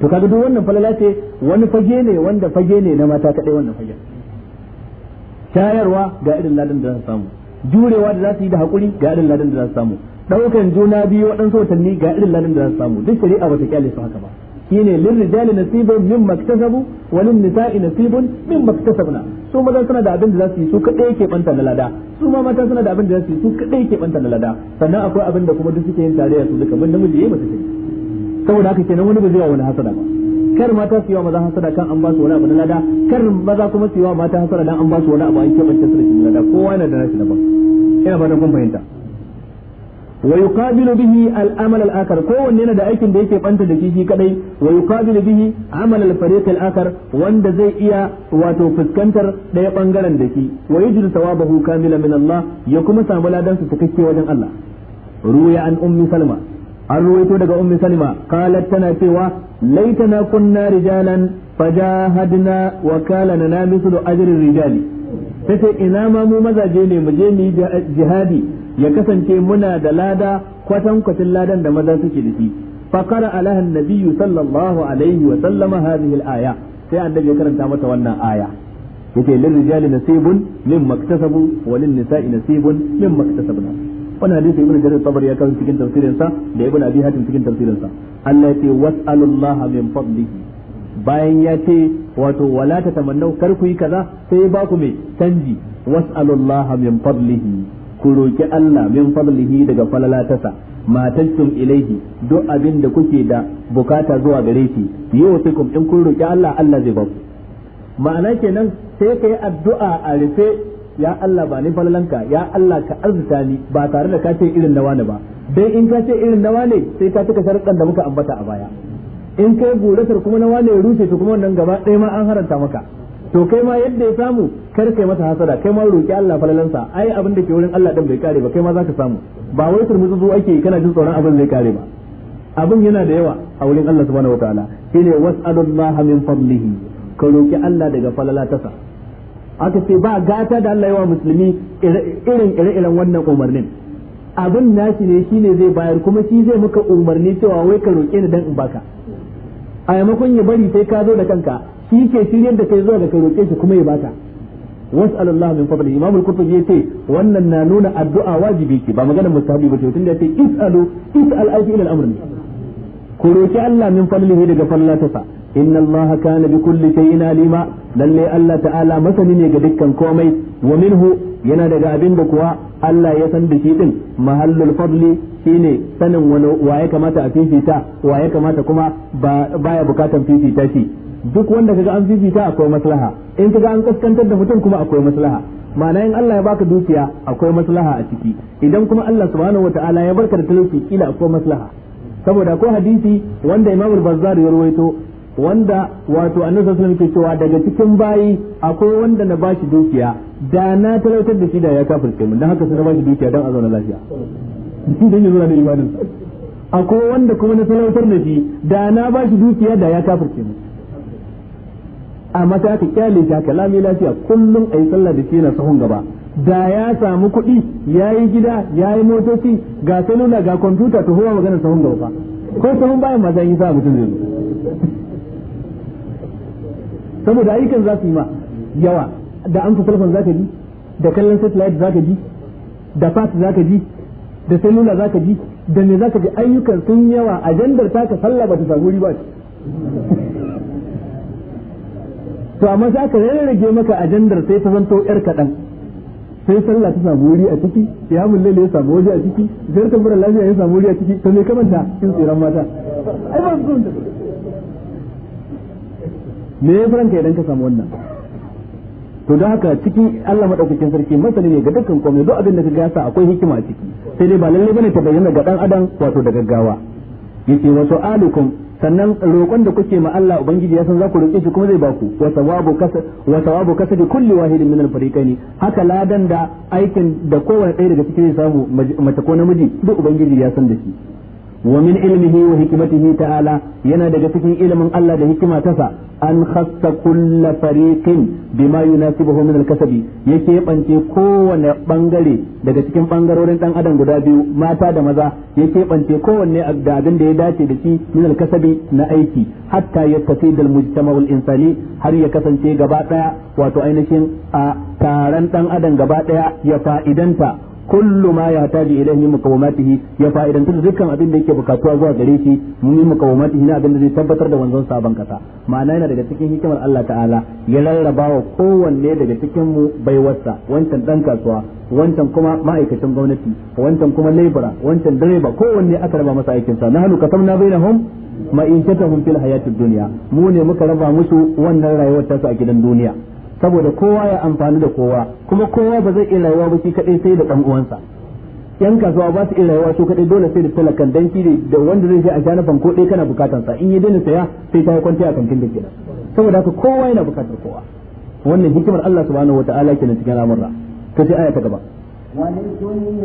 to kaga duk wannan falala ce wani fage ne wanda fage ne na mata kadai wannan fage shayarwa ga irin ladan da za su samu jurewa da za su yi da hakuri ga irin ladan da za su samu daukan juna biyu waɗansu watanni ga irin lalin da za su samu duk shari'a ba ta kyale su haka ba shine lil rijali nasibun mimma iktasabu wa lin nisa'i nasibun mimma iktasabna su maza suna da abin da za su yi su kadai yake banta na lada su ma mata suna da abin da za su yi su kadai yake banta na lada sannan akwai abin da kuma duk suke yin tarayya su duka bin namiji yayi mace take saboda haka kenan wani ba zai wa wani hasada ba kar mata su yi wa maza hasada kan an ba su wani abu na lada kar maza kuma su yi wa mata hasada dan an ba su wani abu an kebanta su da shi lada kowa yana da nashi daban ina fatan kun fahimta wa yuqabilu bihi al-amal al-akhar kowanne da aikin da yake banta da shi kadai wa yuqabilu bihi amal al-fariq al-akhar wanda zai iya wato fuskantar daya bangaren da shi wa yujru thawabahu kamila min Allah ya kuma samu ladan su cikakke wajen Allah ruya an ummi salma an ruwaito daga ummi salma qalat tana cewa laitana kunna rijalan fajahadna wa wakala na mislu ajri rijali tace ina ma mu mazaje ne mu je mu jihadi ya kasance muna da lada kwatan kwatin ladan da maza suke da shi fa qara alaha annabiyyu sallallahu alaihi wa sallama hadhihi al-aya sai annabi ya karanta mata wannan aya yake lil rijali nasibun min maktasabu wa lin nisa'i nasibun min maktasabna wannan hadisi ibnu jarir tabari ya kawo cikin tafsirin sa da ibnu abi hatim cikin tafsirin sa Allah ya ce was'alullaha min fadlihi bayan ya ce wato wala ta tamannau kar ku yi kaza sai ba ku mai canji was'alullaha min fadlihi ku roki Allah min fadlihi daga falalatasa matattum ilaihi duk abin da kuke da bukata zuwa gare shi yi wa in kun roki Allah Allah zai ba ku ma'ana kenan sai kai addu'a a rufe ya Allah ba ni falalanka ya Allah ka arzuta ni ba tare da ka ce irin nawa ne ba dai in ka ce irin nawa ne sai ka cika sharuɗan da muka ambata a baya in kai gurasar kuma nawa ne rushe to kuma wannan gaba ɗaya ma an haranta maka to kai ma yadda ya samu kar kai masa hasada kai ma roki Allah falalansa ai abin da ke wurin Allah dan bai kare ba kai ma zaka samu ba wai turmuzu zo ake kana jin tsoron abin zai kare ba abin yana da yawa a wurin Allah subhanahu wataala shine was'alullaha min fadlihi ka roki Allah daga falalatasa aka ce ba gata da Allah yawa musulmi irin ire-iren wannan umarnin abin nashi ne shine zai bayar kuma shi zai maka umarni cewa wai ka roke ni dan in baka a yamakon ya bari sai ka zo da kanka shi ke shiryar da kai zuwa da kai roƙe shi kuma ya bata baka was'alallahu min fadli imam al-qurtubi yace wannan na nuna addu'a wajibi ce ba magana mustahabi ba ce tun da yace is'alu is'al aw fi'l al-amr ku Allah min fadlihi daga fallatasa inna Allah kana bi kulli shay'in alima lalle Allah ta'ala masani ne ga dukkan komai wa minhu yana daga abin da kuwa Allah ya san da shi din mahallul fadli shine sanin wani wa ya kamata a fifita wa ya kamata kuma baya bukatan fifita shi duk wanda kaga an fifita akwai maslaha in kaga an kaskantar da mutum kuma akwai maslaha ma'ana in Allah ya baka dukiya akwai maslaha a ciki idan kuma Allah subhanahu wataala ya barka da talauci kila akwai maslaha saboda ko hadisi wanda Imam al-Bazzar ya rawaito wanda wato annabi sallallahu alaihi cewa daga cikin bayi akwai wanda na bashi dukiya da na talautar da shi da ya kafirce mun dan haka sai na bashi dukiya dan a zauna lafiya shi dan yazo da imanin akwai wanda kuma na talautar da shi da na bashi dukiya da ya kafirce mun a ta ka kyale ta kalami lafiya kullum a yi sallah da shi yana sahun gaba da ya samu kuɗi ya yi gida ya yi motoci ga salula ga kwamfuta ta huwa magana sahun gaba ko sahun bayan ma zan yi sa mutum zai saboda ayyukan za su yi ma yawa da an fi telefon za ka ji da kallon satellite za ka ji da fat za ka ji da salula za ka ji da me za ka ji ayyukan sun yawa ajandar ta ka sallah ba ta samu riba ce to amma sai aka rarrage maka ajandar sai ta zanto yar kaɗan sai sallah ta samu wuri a ciki qiyamul layl ya samu wuri a ciki zai tabbara lafiya ya samu wuri a ciki to me ka manta in tsiran mata ai ba su me ya faranka idan ka samu wannan to da haka cikin Allah madaukakin sarki masani ne ga dukkan komai duk abin da kaga yasa akwai hikima a ciki sai dai ba lalle bane ta bayyana ga dan adam wato da gaggawa yace wa su'alukum sannan roƙon da kuke ma Allah ubangiji ya san za ku roƙe shi kuma zai baku wa thawabu kasa wa thawabu kasa bi kulli wahidin min al-fariqaini haka ladan da aikin da kowane ɗaya daga cikin zai samu mace ko namiji duk ubangiji ya san da shi wa min ilmihi wa hikmatihi ta'ala yana daga cikin ilimin Allah da hikima tasa an khassa kull fariqin bima yunasibuhu min al-kasabi yake bance kowanne bangare daga cikin bangarorin dan adam guda biyu mata da maza yake bance kowanne da abin da ya dace da shi min na aiki hatta yattasid al-mujtama' al-insani har ya kasance gaba daya wato ainihin a taron dan adam gaba daya ya fa'idanta kullu ya taji idan yi mukawamatihi ya da dukkan abin da yake bukatuwa zuwa gare shi mun yi mukawamatihi na abin da zai tabbatar da wanzon sabon kasa ma'ana yana daga cikin hikimar Allah ta'ala ya rarraba wa kowanne daga cikin mu baiwarsa wancan dan kasuwa wancan kuma ma'aikacin gwamnati wancan kuma laibura wancan direba kowanne aka raba masa aikin sa nahnu qasamna bainahum ma'ishatahum fil hayatid duniya mu ne muka raba musu wannan rayuwar tasu a gidan duniya saboda kowa ya amfani da kowa kuma kowa ba zai iya rayuwa ba shi kadai sai da dan uwansa yan kasuwa ba su iya rayuwa su kadai dole sai da talakan dan shi da wanda zai je a sha na fanko dai kana bukatar sa in ya daina saya sai ta yi kwanciya a kantin da saboda haka kowa yana bukatar kowa wannan hikimar Allah subhanahu wataala kenan cikin al'amura to sai aya ta gaba ولكل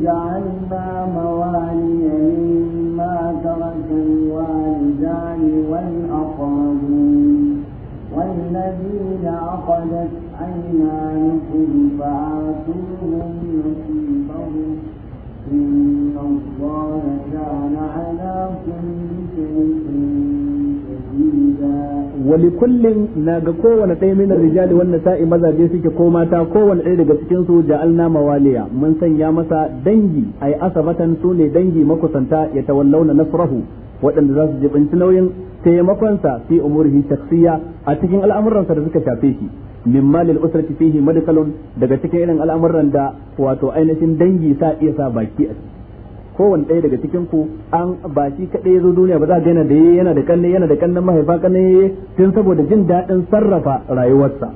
جعلنا مما ترك الوالدان والذين عقدت أيمانكم فآتوهم نصيبهم إن الله كان على كل شيء na ga kowane ɗaya minar rijali wannan sa'i mazaje suke ko mata kowane ɗaya daga cikin su ja'alna mawaliya mun sanya masa dangi ai asabatan su ne dangi makusanta ya tawallauna nasrahu waɗanda za su jibinci nauyin taimakonsa fi umurihi shakhsiyya a cikin al'amuransa da suka shafe shi min malil usrati fihi madkalun daga cikin irin al'amuran da wato ainihin dangi sa iya sa baki a ciki kowanne ɗaya daga cikin ku an baki shi kaɗai ya zo duniya ba za ga yana da yana da kanne yana da kannan mahaifa kanne tun saboda jin daɗin sarrafa rayuwarsa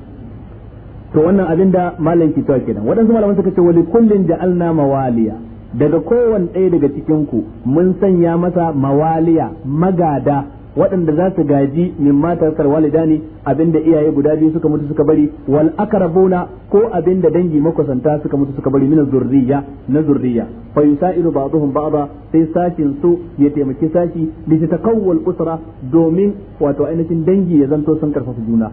to wannan abin da malam ki kenan waɗansu malaman suka ce wali kullin ja'alna mawaliya daga kowanne ɗaya daga cikin ku mun sanya masa mawaliya magada waɗanda za su gaji min mata sar walidani abinda iyaye guda biyu suka mutu suka bari wal akrabuna ko abinda dangi makwasanta suka mutu suka bari min zurriya na zurriya fa yusairu ba'dhum ba'dha sai sashin su ya taimaki sashi da ta usra domin wato ainihin dangi ya zanto sun karfafa juna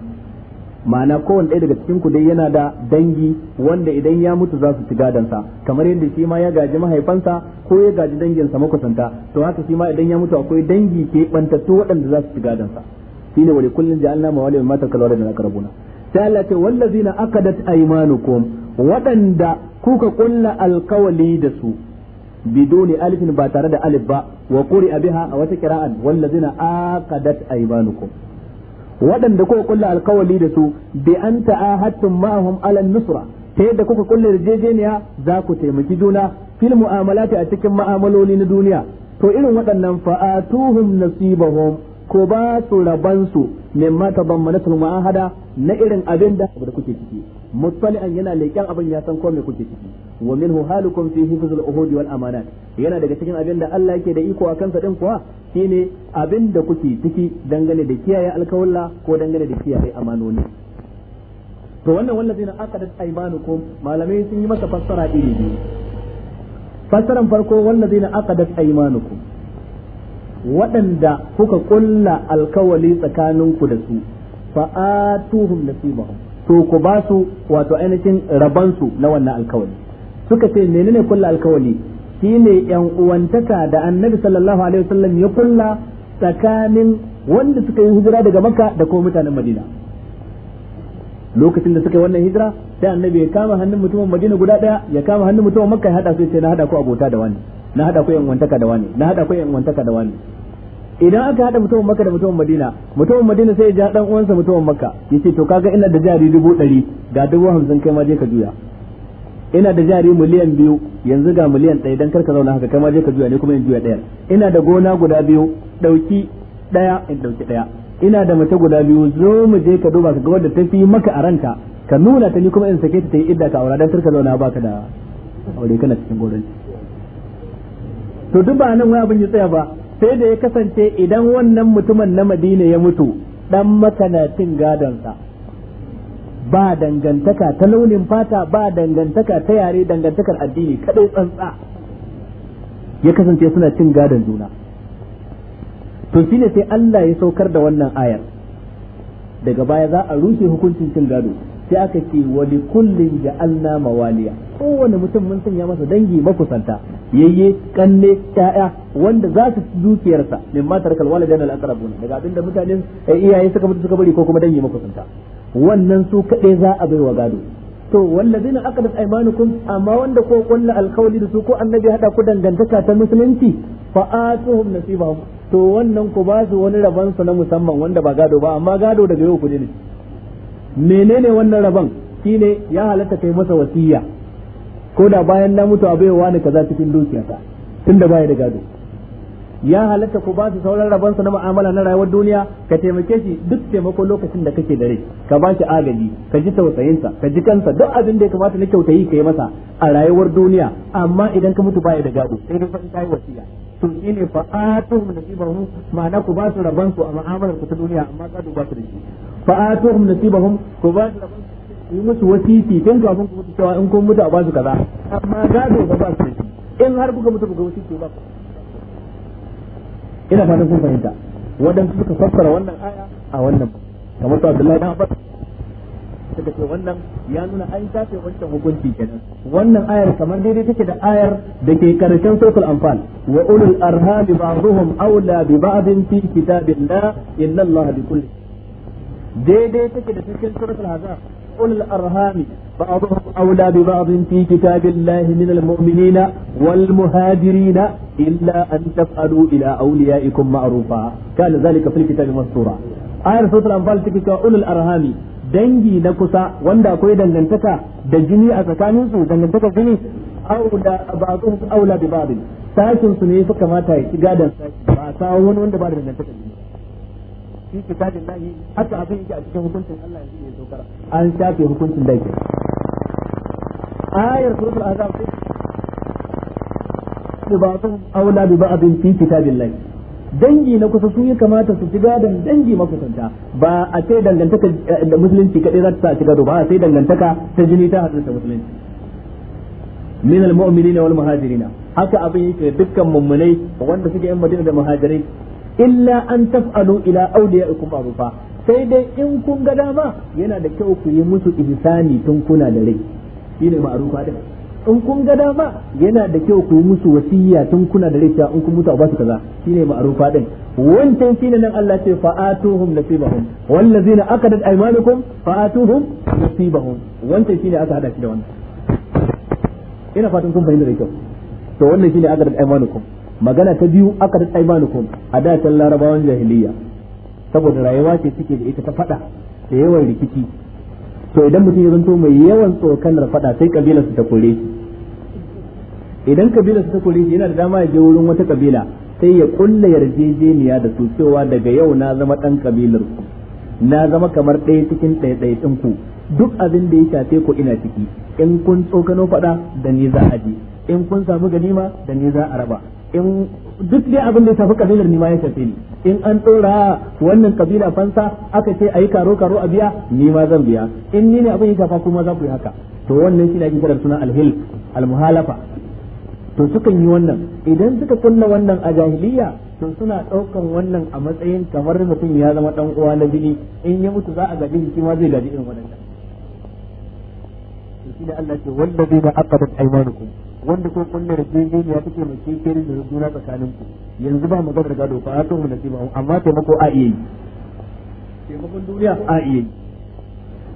ma'ana kowane ɗaya daga cikin ku dai yana da dangi wanda idan ya mutu za su ci gadansa kamar yadda shi ma ya gaji mahaifansa ko ya gaji danginsa makusanta to haka shi ma idan ya mutu akwai dangi ke bantattu waɗanda za su ci gadansa shine wa kullun ja'alna mawalil kalwar da na karbuna sai Allah ce wallazina akadat aymanukum waɗanda kuka kulla alkawali da su biduni alifin ba tare da alif ba wa kuri biha a wata wallazi na akadat aymanukum waɗanda kuka kulla alkawali da su bi an ta'ahadtum ma'ahum ala nusra ta yadda kuka kulla yarjejeniya za ku taimaki juna fil mu'amalati a cikin ma'amaloli na duniya to irin waɗannan fa'atuhum nasibahum ko ba su raban su mimma tadammanatul mu'ahada na irin abin da kuke ciki muttali'an yana leƙen abin ya san ko me kuke ciki wa minhu halukum fi hifz al-uhud wal yana daga cikin abin da Allah yake da iko a kansa din kuwa shine abin da kuke ciki dangane da kiyaye alkawalla ko dangane da kiyaye amanoni to wannan wallazina aqadat aymanukum malamai sun yi masa fassara iri biyu fassaran farko wallazina aqadat aymanukum waɗanda kuka ƙulla alkawali tsakaninku da su fa'atuhum nasibahum to ku basu wato ainihin rabansu na wannan alkawali suka ce menene kulla alkawali shine yan uwantaka da annabi sallallahu alaihi wasallam ya kulla tsakanin wanda suka yi hijira daga makka da kuma mutanen madina lokacin da suka yi wannan hijira sai annabi ya kama hannun mutumin madina guda daya ya kama hannun mutumin makka ya hada su sai na hada ku abota da wani na hada ku yan uwantaka da wani na hada ku yan uwantaka da wani idan aka hada mutumin makka da mutumin madina mutumin madina sai ya ji dan uwansa mutumin makka yace to kaga ina da jari dubu ɗari ga dubu hamsin kai ma je ka juya ina da jari miliyan biyu yanzu ga miliyan ɗaya don karka zauna haka kama je ka juya ne kuma in juya ɗaya ina da gona guda biyu ɗauki ɗaya in ɗauki ɗaya ina da mace guda biyu zo mu je ka duba ka ga wadda ta fi maka a ranka ka nuna ta ni kuma in sake ta ta yi idda ka aura don karka zauna ka da aure kana cikin gurin to duk ba nan wani abin ya tsaya ba sai da ya kasance idan wannan mutumin na Madina ya mutu dan makanatin gadonsa ba dangantaka ta launin fata ba dangantaka ta yare dangantakar addini kadai tsantsa ya kasance suna cin gadon juna to ne sai Allah ya saukar da wannan ayar daga baya za a rushe hukuncin cin gado sai aka ce wa li kullin ja'alna mawaliya kowane mutum mun sanya masa dangi makusanta yayye kanne ta'a wanda za su dukiyarsa min matar kalwala da al-aqrabun daga abinda mutanen eh, iyaye suka mutu suka bari ko kuma dangi makusanta wannan su kaɗai za a baiwa gado to wallazina aqadat aymanukum amma wanda ko kullu alqawli da su ko annabi hada ku dangantaka ta musulunci fa atuhum nasibahum to wannan ku ba su wani rabon su na musamman wanda ba gado ba amma gado daga yau ku ne menene wannan rabon shine ya halatta kai masa wasiya ko da bayan na mutu a baiwa ne kaza cikin dukiyata tunda baya da gado ya halatta ku ba su sauran rabon su na mu'amala na rayuwar duniya ka taimake shi duk taimako lokacin da kake da rai ka ba shi agaji ka ji tausayinsa ka ji kansa duk abin da ya kamata na kyautayi ka yi masa a rayuwar duniya amma idan ka mutu baya da gado sai dai fa in kai wasiya to shi ne fa atuhum nasibahum ma'ana ku ba su rabon su a mu'amalar ku ta duniya amma gado ba su da shi fa atuhum nasibahum ku ba su rabon yi musu wasiti tun kafin ku mutu cewa in kun mutu a ba su kaza amma gado ba ba su da shi in har kuka mutu ku ga wasiti ba ku ina fatan kun fahimta waɗansu suka fassara wannan aya a wannan kamar su Abdullahi dan Abbas suka ce wannan ya nuna an shafe wancan hukunci kenan wannan ayar kamar daidai take da ayar da ke karshen suratul anfal wa ulul arhami ba'dhum aula bi ba'din fi kitabillah inna allaha bi kulli daidai take da cikin suratul hazab أولي الأرهام بعضهم أولى ببعض في كتاب الله من المؤمنين والمهاجرين إلا أن تفعلوا إلى أوليائكم معروفا كان ذلك في الكتاب مسطورا آية سورة الأنفال تكتب أولي الأرهام dangi na kusa wanda akwai dangantaka da jini a tsakaninsu dangantaka jini aula aula bi ba'd sashin su ne suka mata ya shiga da sashi ba sa wani wanda ba da dangantaka jini fi kitabin lahi haka abin yake a cikin hukuncin Allah yanzu ne dokar an shafe hukuncin da yake ayar suratul azab ce ba'dhum awla bi abin fi lahi dangi na kusa su ya kamata su shiga da dangi makusanta ba a sai dangantaka da musulunci kadai za ta shiga ba a sai dangantaka ta jini ta hadu da musulunci min al-mu'minina wal muhajirina haka abin yake dukkan mummunai wanda suke yan madina da muhajirai illa an taf'alu ila awliyaikum ma'rufa sai dai in kun ga dama yana da kyau ku yi musu ihsani tun kuna da rai shine ma'rufa din in kun ga dama yana da kyau ku yi musu wasiyya tun kuna da rai cewa in kun mutu a basu kaza shine ma'rufa din wancan shine nan Allah ce fa'atuhum nasibahum wallazina akadat aymanukum fa'atuhum nasibahum wancan shine aka hada shi da wannan ina fatan kun fahimta da kyau to wannan shine akadat aymanukum magana ta biyu aka da tsaimanukum a datan larabawan jahiliya saboda rayuwa ce suke da ita ta fada da yawan rikici to idan mutum ya zanto mai yawan tsokanar fada sai kabila su ta kore shi idan kabila su ta kore shi yana da dama ya je wurin wata kabila sai ya kulla yarjejeniya da su cewa daga yau na zama dan kabilar ku na zama kamar ɗaya cikin ɗin ku duk abin da ya shafe ku ina ciki in kun tsokano fada da ni za a je in kun samu ganima da ni za a raba in duk dai abin da ya tafi kabilar ni ma ya tafi ni in an dora wannan kabila fansa aka ce ayi karo karo a biya ni ma zan biya in ni ne abin ya tafa kuma za ku yi haka to wannan shi ne ake kiran suna alhil almuhalafa to sukan yi wannan idan suka kunna wannan a jahiliya to suna daukan wannan a matsayin kamar mutum ya zama dan uwa na jini in ya mutu za a gaji shi ma zai gaji irin wannan to shi da Allah ce wallazina aqadat aymanukum wanda ko kunna ya take mai kinkiri da juna tsakanin ku yanzu ba daga gado a to mu nasiba amma taimako a iya yi taimakon duniya a iya yi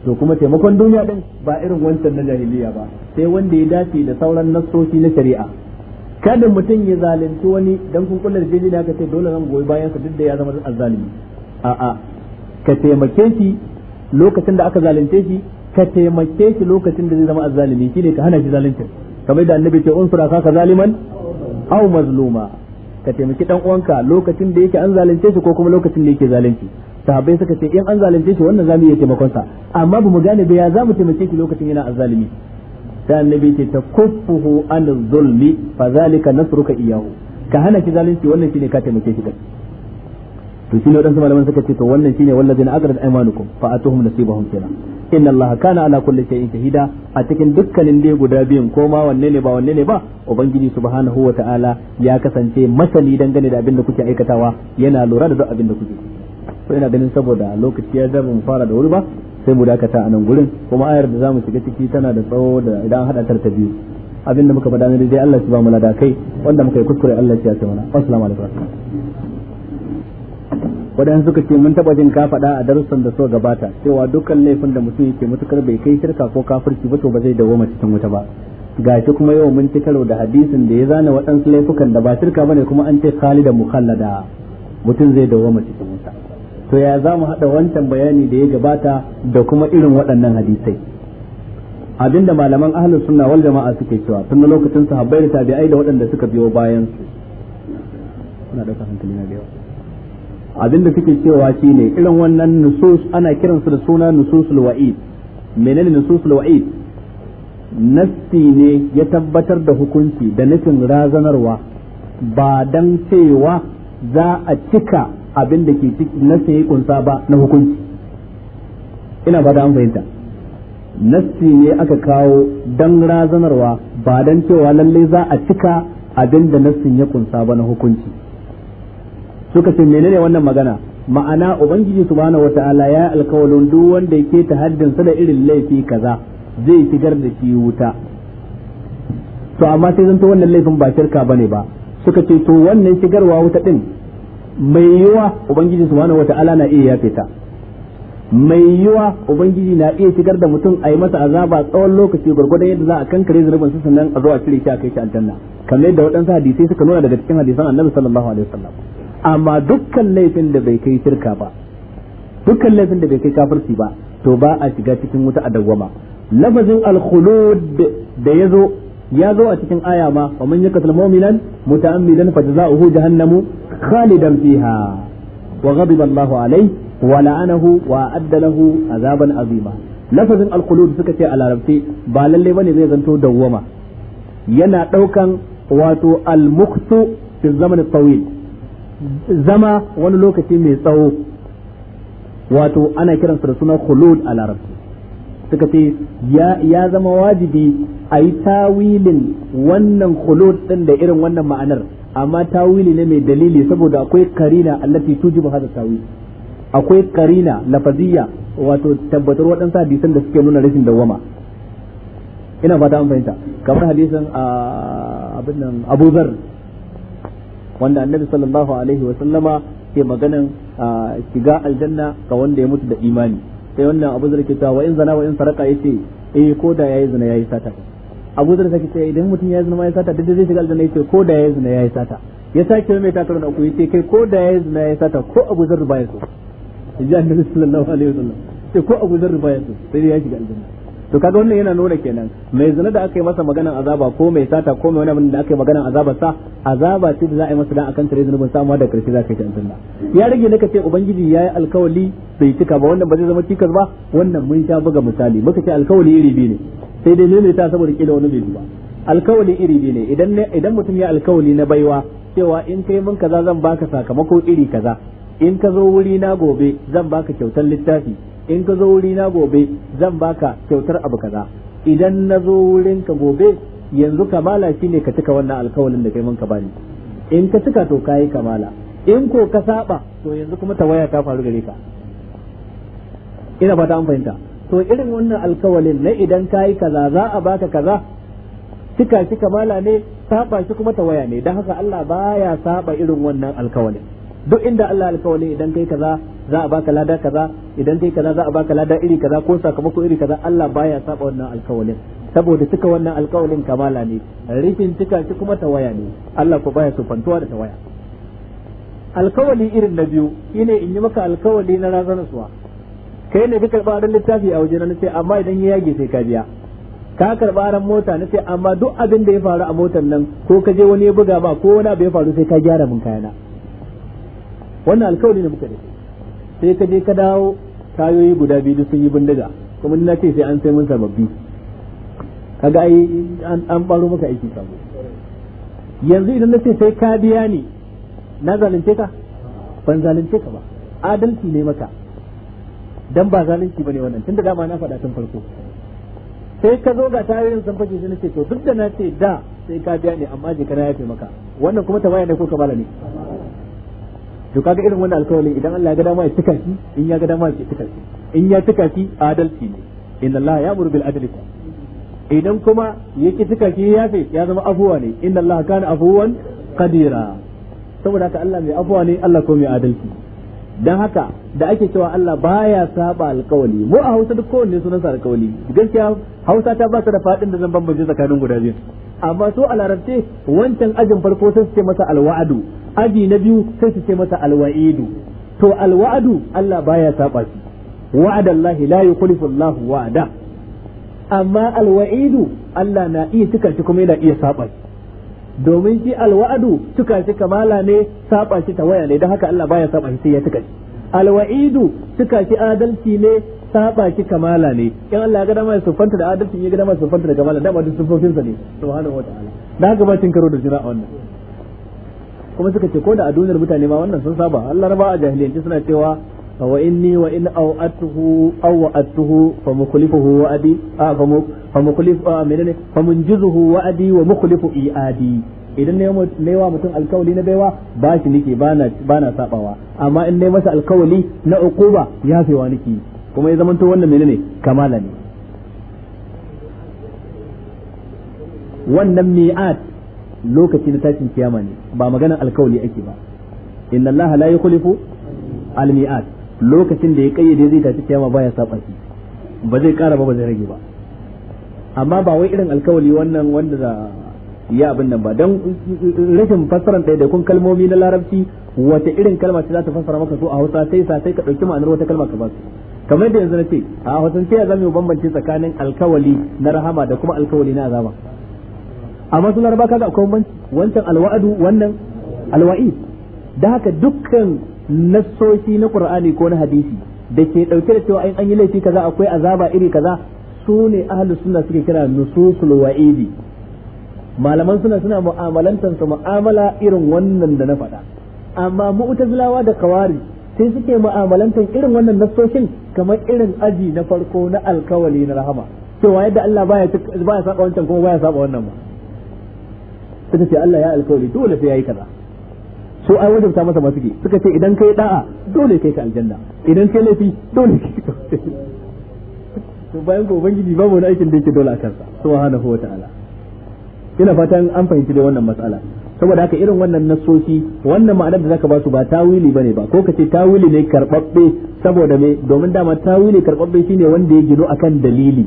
to kuma taimakon duniya din ba irin wancan na jahiliya ba sai wanda ya dace da sauran nassoci na shari'a kada mutum ya zalunci wani dan kun kullar jeji da aka ce dole zan goyi bayan sa duk da ya zama a a ka taimake shi lokacin da aka zalunce shi ka taimake shi lokacin da zai zama azzalimi shine ka hana shi zaluncin kamar da annabi ce unsura ka ka zaliman aw mazluma ka taimaki dan uwanka lokacin da yake an zalunce shi ko kuma lokacin da yake zalunci sahabbai suka ce in an zalunce shi wannan zamu iya taimakon sa amma bamu gane ba ya zamu taimake shi lokacin yana azzalimi sai annabi ce ta kuffuhu an zulmi fa zalika nasruka iyahu ka hana ki zalunci wannan shine ka taimake shi to shine wadansu malaman suka ce to wannan shine wallazina aqrad aymanukum fa atuhum nasibahum kenan inna allaha kana ala kulli shay'in shahida a cikin dukkanin dai guda biyun ko wanne ne ba wanne ne ba ubangiji subhanahu wataala ya kasance masani dangane da abin da kuke aikatawa yana lura da duk abin da kuke so ina ganin saboda lokaci ya zama mu fara da wuri ba sai mu dakata a nan gurin kuma ayar da zamu shiga ciki tana da tsawo da idan hada tar ta biyu abin da muka faɗa ne dai Allah shi ba lada kai wanda muka yi kuskure Allah shi ya ce mana assalamu alaikum waɗansu suka ce mun taɓa jin ka faɗa a darussan da suka gabata cewa dukkan laifin da mutum yake mutukar bai kai shirka ko kafirci ba to ba zai dawoma cikin wuta ba Ga shi kuma yau mun ci karo da hadisin da ya zana waɗansu laifukan da ba shirka bane kuma an ce khalidan mukhallada mutum zai dawoma cikin wuta to ya za mu haɗa wancan bayani da ya gabata da kuma irin waɗannan hadisai abinda malaman ahlus sunna wal jama'a suke cewa tun lokacin sahabbai da tabi'ai da waɗanda suka biyo bayan su kuna ɗaukar hankali na da Abin da suke cewa shi ne irin wannan nusus ana kiransu da suna nususul wa'id menene nususul wa'id nassi ne ya tabbatar da hukunci da nufin razanarwa ba dan cewa za a cika abin da ke nassi ya kunsa ba na hukunci ina ba da an fahimta nassi ne aka kawo dan razanarwa ba dan cewa lallai za a cika abin da nassin ya kunsa ba na hukunci suka ce menene wannan magana ma'ana ubangiji subhanahu wata'ala ya alkawalin duk wanda yake ta haddin sa da irin laifi kaza zai shigar da shi wuta to amma sai zanto wannan laifin ba shirka bane ba suka ce to wannan shigarwa wuta din mai yiwa ubangiji subhanahu wata'ala na iya yafe ta mai yiwa ubangiji na iya shigar da mutum a yi masa azaba tsawon lokaci gwargwadon yadda za a kankare zunubin su sannan a zo a cire shi a kai shi aljanna kamar yadda waɗansu hadisai suka nuna daga cikin hadisan annabi sallallahu alaihi wasallam amma dukkan laifin da bai kai shirka ba dukkan laifin da bai kai kafirci ba to ba a shiga cikin wuta a dawwama lafazin al-khulud da yazo ya zo a cikin aya ma wa man yakatul mu'minan muta'ammidan fa jazaohu jahannamu khalidan fiha wa ghadiba Allahu alayhi wa la'anahu wa adda lahu azaban azima lafazin al-khulud suka ce a larabci ba lalle bane zai zanto dawwama yana daukan wato al-muqtu fi zaman tawil zama wani lokaci mai tsawo wato ana kiran kiransa da suna khulud a larabci suka ce ya zama wajibi a yi tawilin wannan khulud din da irin wannan ma'anar amma tawili ne mai dalili saboda akwai karina allati tujibu hada tawil akwai karina lafaziyya wato tabbatar waɗansu hadisan da suke nuna rashin dawama ina fata an fahimta kamar hadisan ah, abin nan Abu wanda annabi sallallahu alaihi wa sallama ke magana shiga aljanna ga wanda ya mutu da imani sai wannan abu zai cewa wa in zana wa in saraka yace eh ko da yayi zina yayi sata abu zai sake cewa idan mutum yayi zina yayi sata duk zai shiga aljanna yace ko da yayi zina yayi sata ya sake mai takar da ku yace kai ko da yayi zina yayi sata ko abu zai baya so ya annabi sallallahu alaihi wa sallam sai ko abu zai baya so sai ya shiga aljanna to kaga wannan yana nuna kenan mai zina da aka yi masa maganan azaba ko mai sata ko mai wani abin da aka yi maganan azaba sa azaba ce da za a yi masa dan akan tare zunubin samuwa da karshe za ka yi aljanna ya rage naka ce ubangiji ya yi alkawali bai cika ba wannan ba zai zama cikas ba wannan mun sha buga misali muka ce alkawali iri biyu ne sai dai ne ta saboda kila wani bai ba alkawali iri biyu ne idan mutum ya alkawali na baiwa cewa in kai mun kaza zan baka sakamako iri kaza in ka zo wuri na gobe zan baka kyautar littafi in ka zo wuri na gobe zan baka kyautar abu kaza idan na zo wurin ka gobe yanzu kamala shine ka cika wannan alkawalin da kai mun ka bani in ka cika to kai kamala in ko ka saba to yanzu kuma tawaya ta faru gare ka ina fata an fahimta to irin wannan alkawalin na idan kai kaza za a baka kaza cika shi kamala ne saba shi kuma tawaya ne dan haka Allah baya saba irin wannan alkawalin duk inda Allah alkawali idan kai kaza za a baka lada kaza idan kai kaza za a baka lada iri kaza ko sakamako iri kaza Allah baya saba wannan alkawalin saboda cika wannan alkawalin kamala ne rikin cika shi kuma tawaya ne Allah ko baya fantuwa da tawaya alkawali irin na biyu ine in yi maka alkawali na razanarsuwa kai ne duka ran littafi a wajen na ce amma idan ya yage sai ka biya ka karba ran mota nace amma duk abin da ya faru a motar nan ko ka je wani ya buga ba ko wani abu ya faru sai ka gyara min kayana wannan alkawari ne muka da sai ka je ka dawo tayoyi guda biyu duk sun yi bindiga kuma ina ce sai an sai mun sababbi kaga ai an baro maka aiki sabo yanzu idan na ce sai ka biya ni na zalunce ka ban zalunce ka ba adalci ne maka dan ba zalunci bane wannan tunda dama na faɗa tun farko sai ka zo ga tayoyin sun fage shi ce to duk da na ce da sai ka biya ni amma je kana yafe maka wannan kuma tabaya ne ko kamala ne to kaga irin wannan alƙawarin idan Allah ya ga dama ya tuka shi in ya ga dama ya tuka shi in ya tuka shi adalci ne inna Allah ya'muru bil adli idan kuma yake tuka shi ya fi ya zama afuwa ne inna Allah kana afuwan qadira saboda haka Allah mai afuwa ne Allah ko mai adalci dan haka da ake cewa Allah baya saba alƙawari mu a Hausa duk kowanne sunan sa alƙawari gaskiya Hausa ta ba ta da fadin da zan bambance tsakanin guda biyu amma so a larabce wancan ajin farko sai masa alwa'adu aji na biyu sai su ce mata alwa'idu to alwa'adu Allah baya saba shi wa'adallahi la yukhlifu Allah wa'ada amma alwa'idu Allah na iya cika shi kuma yana iya saba shi domin shi alwa'adu cika shi kamala ne saba shi waya ne don haka Allah baya saba shi sai ya cika shi alwa'idu cika shi adalci ne saba shi kamala ne in Allah ya ga dama sufanta da adalci ya ga dama sufanta da kamala dama duk sa ne subhanahu wataala da haka ba cin karo da jira a wannan kuma suka ce ko da a duniyar mutane ma wannan sun saba Allah raba a jahiliyanci suna cewa wa inni wa in awatuhu awatuhu fa mukhlifuhu wa adi a fa mu fa mukhlifu a menene fa munjizuhu wa adi wa mukhlifu iadi idan ne wa mutum alkawali na baiwa ba shi nake bana bana sabawa amma in ne masa alkawali na ukuba ya fewa nake kuma ya zamanto wannan menene kamala ne wannan mi'at lokaci na tashin kiyama ne ba maganar alkawali ake ba inna allaha la yukhlifu almi'at lokacin da ya kayyade zai tashi kiyama baya saba shi ba zai kara ba ba zai rage ba amma ba wai irin alkawali wannan wanda za ya abin nan ba dan rashin fassaran da kun kalmomi na larabci wata irin kalma ce za ta fassara maka so a Hausa sai sa sai ka dauki ma'anar wata kalma ka ba su kamar yadda yanzu na ce a Hausance ya zamu bambance tsakanin alkawali na rahama da kuma alkawali na azaba amma suna laraba kaga akwai banci wancan alwa'adu wannan alwa'i da haka dukkan nassoshi na qur'ani ko na hadisi da ke dauke da cewa an yi laifi kaza akwai azaba iri kaza su ne ahlus sunna suke kira nususul wa'idi malaman suna suna mu'amalantar su mu'amala irin wannan da na faɗa amma mu'tazilawa da kawari sai suke mu'amalantar irin wannan nassoshin kamar irin aji na farko na alkawali na rahama cewa yadda Allah baya baya saba wancan kuma baya saba wannan ba suka ce Allah ya alkawari dole sai yayi kaza so ai ta masa masu ke suka ce idan kai da'a dole kai ka aljanna idan kai laifi dole kai ka to bayan ko ubangiji babu wani aikin da yake dole a kansa subhanahu ta'ala ina fatan an fahimci da wannan matsala saboda haka irin wannan nasoshi wannan ma'anar da zaka ba su ba tawili bane ba ko ka ce tawili ne karbabbe saboda me domin dama tawili karbabbe shine wanda ya gino akan dalili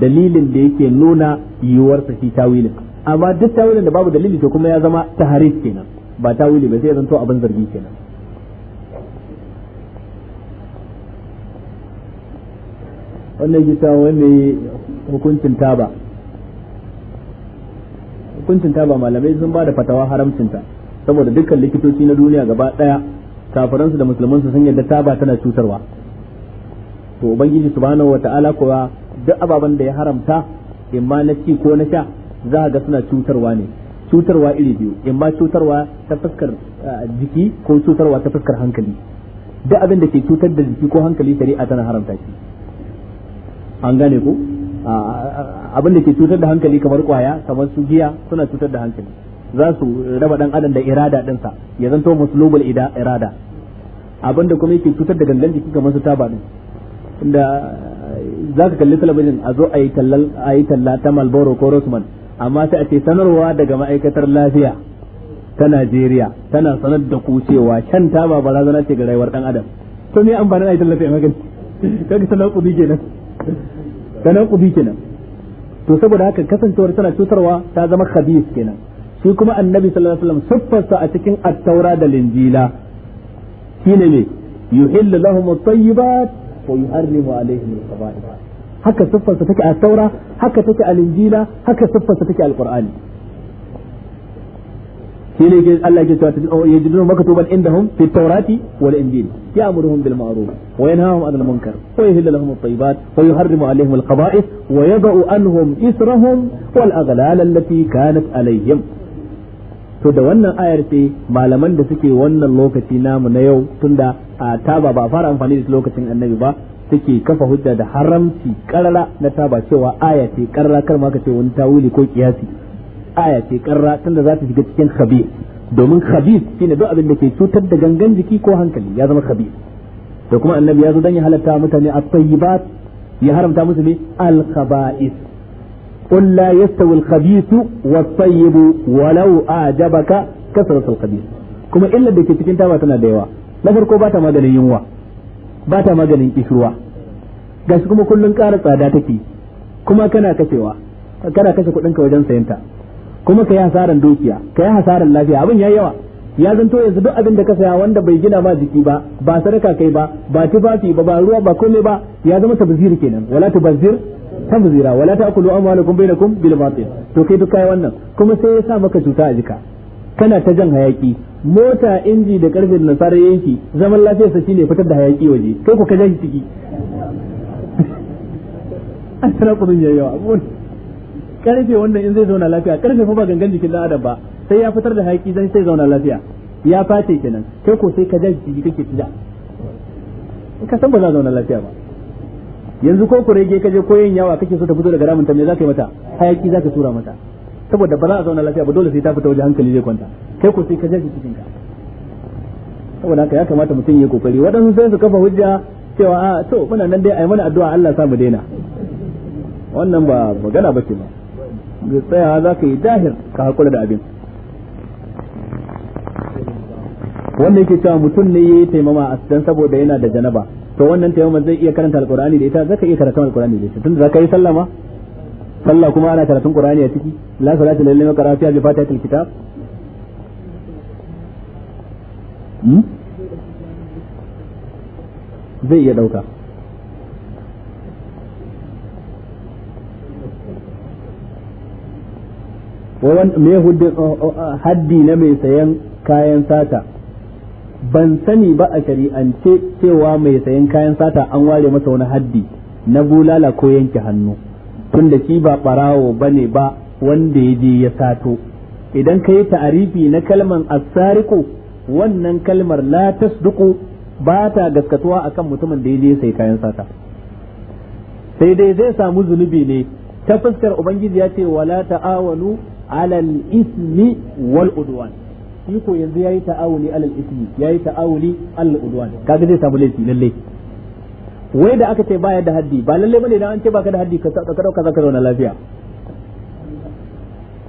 dalilin da yake nuna yiwuwar sa shi tawilin amma duk tawilin da babu dalili to kuma ya zama taharif kenan ba tawili ba sai zan abin zargi kenan wannan gisa wani hukuncin taba hukuncin taba malamai sun ba da fatawa haramcinta saboda dukkan likitoci na duniya gaba daya kafiransu da musulmansu sun yadda taba tana cutarwa to ubangiji subhanahu ta'ala kuwa duk ababen da ya haramta imma na ci ko na sha za a ga suna cutarwa ne cutarwa iri biyu in ba cutarwa ta fuskar jiki ko cutarwa ta fuskar hankali duk abin da ke cutar da jiki ko hankali shari'a tana haramta shi an gane ku abin da ke cutar da hankali kamar kwaya kamar su giya suna cutar da hankali za su raba dan adam da irada dinsa ya zanto musulubul ida irada abin da kuma yake cutar da gangan jiki kamar su taba din inda za ka kalli talabijin a zo a yi talla ta malboro ko rosman amma sai a ce sanarwa daga ma'aikatar lafiya ta Najeriya tana sanar da ku cewa shan taba barazana ce ga rayuwar dan adam to me amfanin ai tallafi a magani kaga tanakudi kenan tanakudi nan. to saboda haka kasancewar tana cutarwa ta zama khabith kenan shi kuma annabi sallallahu alaihi wasallam siffarsa a cikin at-taura da linjila shine ne yuhillu lahum at-tayyibat wa yuharrimu alaihim al-khaba'ith haka siffarsa take a taura haka take a linjila haka siffarsa take a alqur'ani shine ke Allah ke cewa yajiduna maktuban indahum fi tawrati wal injil ya'muruhum bil ma'ruf wa yanhahum 'anil munkar wa yuhillu lahum at-tayyibat wa yuharrimu 'alayhim al-qaba'ith wa yad'u anhum israhum wal aghlal allati kanat 'alayhim to da wannan ayar ce malaman da suke wannan lokaci namu na yau tunda a taba ba fara amfani da lokacin annabi ba take kafa hujja da haramci karra na taba cewa aya ce karra kar ma ka ce wani tawili ko kiyasi aya ce karra tunda za ta shiga cikin khabir domin khabir shine duk abin da ke cutar da gangan jiki ko hankali ya zama khabir da kuma annabi ya zo dan ya halatta mutane a tayyibat ya haramta musu ne al-khaba'is qul la yastawi al-khabith wat-tayyib walau a'jabaka kasratu al-khabith kuma illa da ke cikin taba tana da yawa na farko ba ta maganin yunwa ba ta maganin kishirwa gashi kuma kullun ƙara tsada take kuma kana kashewa kana kashe kuɗin ka wajen ta kuma ka yi hasaran dukiya ka yi hasaran lafiya abin yayi yawa ya zanto yanzu duk abin da ka saya wanda bai gina ma jiki ba ba sadaka kai ba ba tufafi ba ba ruwa ba komai ba ya zama tabzir kenan wala tabzir tabzira wala ta'kulu amwalakum bainakum bil batil to kai duk kai wannan kuma sai ya sa maka cuta a jika kana ta jan hayaki mota inji da karfin nasara yanki zaman lafiyar sa shine fitar da hayaki waje kai ku ka shi ciki an tsara kudin yayyawa karfe wannan in zai zauna lafiya karfe fa ba gangan jikin dan adam ba sai ya fitar da hayaki dan sai zauna lafiya ya fate kenan kai ko sai ka jan ciki kake tija ka san ba za zauna lafiya ba yanzu ko rage ka je koyon yawa kake so ta fito daga ramin ta me zaka yi mata hayaki zaka tura mata saboda ba za a zauna lafiya ba dole sai ta fita waje hankali zai kwanta kai ko sai ka jaji cikin ka saboda haka ya kamata mutum ya kokari waɗansu sai su kafa hujja cewa a ah, to muna nan dai ai mana addu'a Allah sa mu daina wannan ba magana bace ba ga tsaya za ka yi dahir ka hakura da abin Wannan yake cewa mutum ne yayi taimama a dan saboda yana da janaba to wannan taimama zai iya karanta alqur'ani da ita zaka iya karanta alqur'ani da ita tunda zaka yi sallama sallah kuma ana karatun qur'ani a ciki la salata lillahi wa qira'ati bi fatihatil kitab hmm? zai iya dauka me haddi na mai sayan kayan sata ban sani ba a shari'ance cewa mai sayan kayan sata an ware masa wani haddi na bulala ko yanke hannu tun da shi ba barawo bane ba wanda ya je ya sato idan ka ta'arifi na kalmar asariku wannan kalmar la tasduku ba ta gaskatuwa akan mutumin da ya je sai kayan sata sai dai zai samu zunubi ne ta fuskar ubangiji ya ce wala ta'awanu alal ismi wal udwan shi ko yanzu yayi ta'awuni alal ismi yayi ta'awuni alal udwan kaga zai samu laifi lalle wai da aka ce baya da haddi ba lalle bane dan an ce baka da haddi ka ka dauka zaka zauna lafiya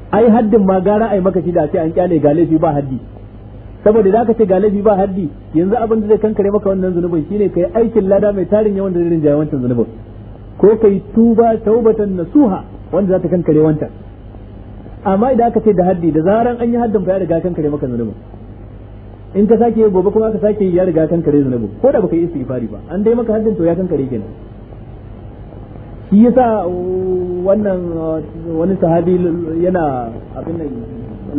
ai haddin ma gara ai maka shi da sai an kyale ga laifi ba haddi saboda da aka ce ga laifi ba haddi yanzu abin da zai kankare maka wannan zunubin shine kai aikin lada mai tarin yawan da rinjaye wancan zunubin ko kai tuba taubatan nasuha wanda za ta kankare wancan amma idan aka ce da haddi da zaran an yi haddin fa ya riga kankare maka zunubin in ka sake gobe kuma ka sake ya riga kan kare zunubi ko da baka yi istighfari ba an dai maka haddin to ya kan kare kenan shi yasa wannan uh, wani sahabi yana abin nan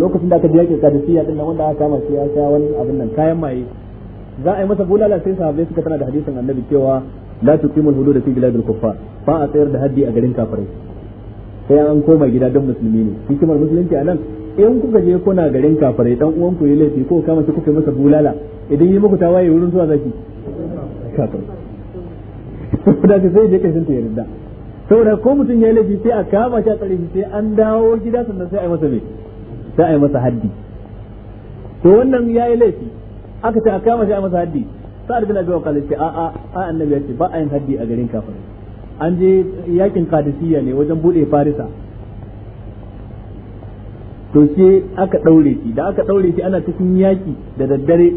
lokacin da aka ke yakin siya din nan wanda aka kama shi ya sha wani abin nan kayan maye za a yi masa bulala sai sahabbai suka tana da hadisin annabi cewa la tuqimul hudud fi biladil kuffar ba a tsayar da haddi a garin kafirai sai an koma gida don musulmi ne hikimar musulunci a nan in kuka je kuna garin kafirai dan uwan ku yi laifi ko kama shi kuka masa bulala idan yi muku waye wurin zuwa zaki kafir da ka sai je kashin ta yarda saboda ko mutum ya laifi sai a kama shi a tsare shi sai an dawo gida sannan sai a yi masa me sai a yi masa haddi to wannan ya yi laifi aka ce a kama shi a masa haddi sa'ad bin abi waqas ce a a a annabi ya ce ba a yin haddi a garin kafirai an je yakin qadisiyya ne wajen bude farisa to ce aka daure shi da aka daure shi ana cikin yaki da daddare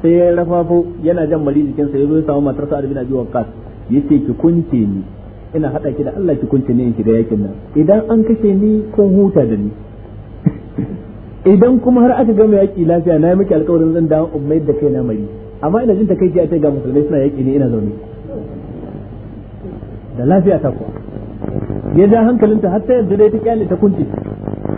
sai ya rafafo yana jan mari jikinsa ya zo ya samu matar sa'ad bin abi waqqas yace ki kunce ni ina hada ki da Allah ki kunce ni in shiga yakin nan idan an kashe ni kun huta da ni idan kuma har aka gama yaki lafiya na yi miki alƙawarin zan dawo in mai da kai na mari amma ina jin takaici a ce ga musulmai suna yaki ne ina zaune da lafiya ta kuwa ya ja hankalinta har ta yadda dai ta kyale ta kunce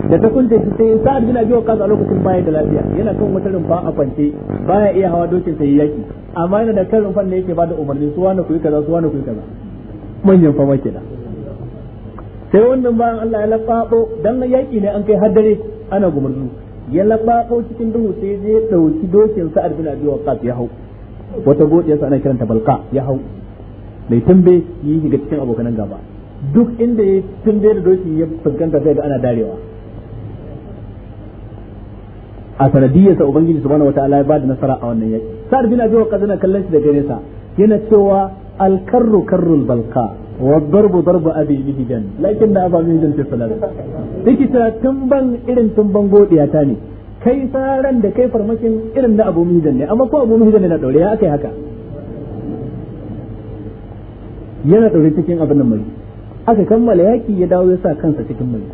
da ta kunce shi sai sa'ad bin abi waqas a lokacin baya da lafiya yana kan wata rumfa a kwance baya iya hawa dokin sai yaki amma yana da kan rumfan da yake bada umarni su wani kuyi kaza su wani kuyi kaza manyan fama da. sai wannan bayan Allah ya lafaɓo dan yaki ne an kai haddare ana gumurzu ya lafaɓo cikin duhu sai je dauki dokin sa'ad bin abi waqas ya hau wata godiyarsa ana kiranta balka ya hau mai tambe yi shiga cikin abokanan gaba duk inda ya tambe da doki ya fuskanta sai ga ana darewa a sanadiyarsa ubangiji subhanahu wataala ya bada nasara a wannan yaki sa'ad bin abi waqqas yana kallon shi daga nesa yana cewa al karru karrul balqa wa darbu darbu abi bihijan lakin da aba min jinsi salat yake ta tumban irin tumban godiya ta ne kai saran da kai farmakin irin da abu mihijan ne amma ko abu mun ne na daure ya akai haka yana daure cikin abin nan mai aka kammala yaki ya dawo ya sa kansa cikin mai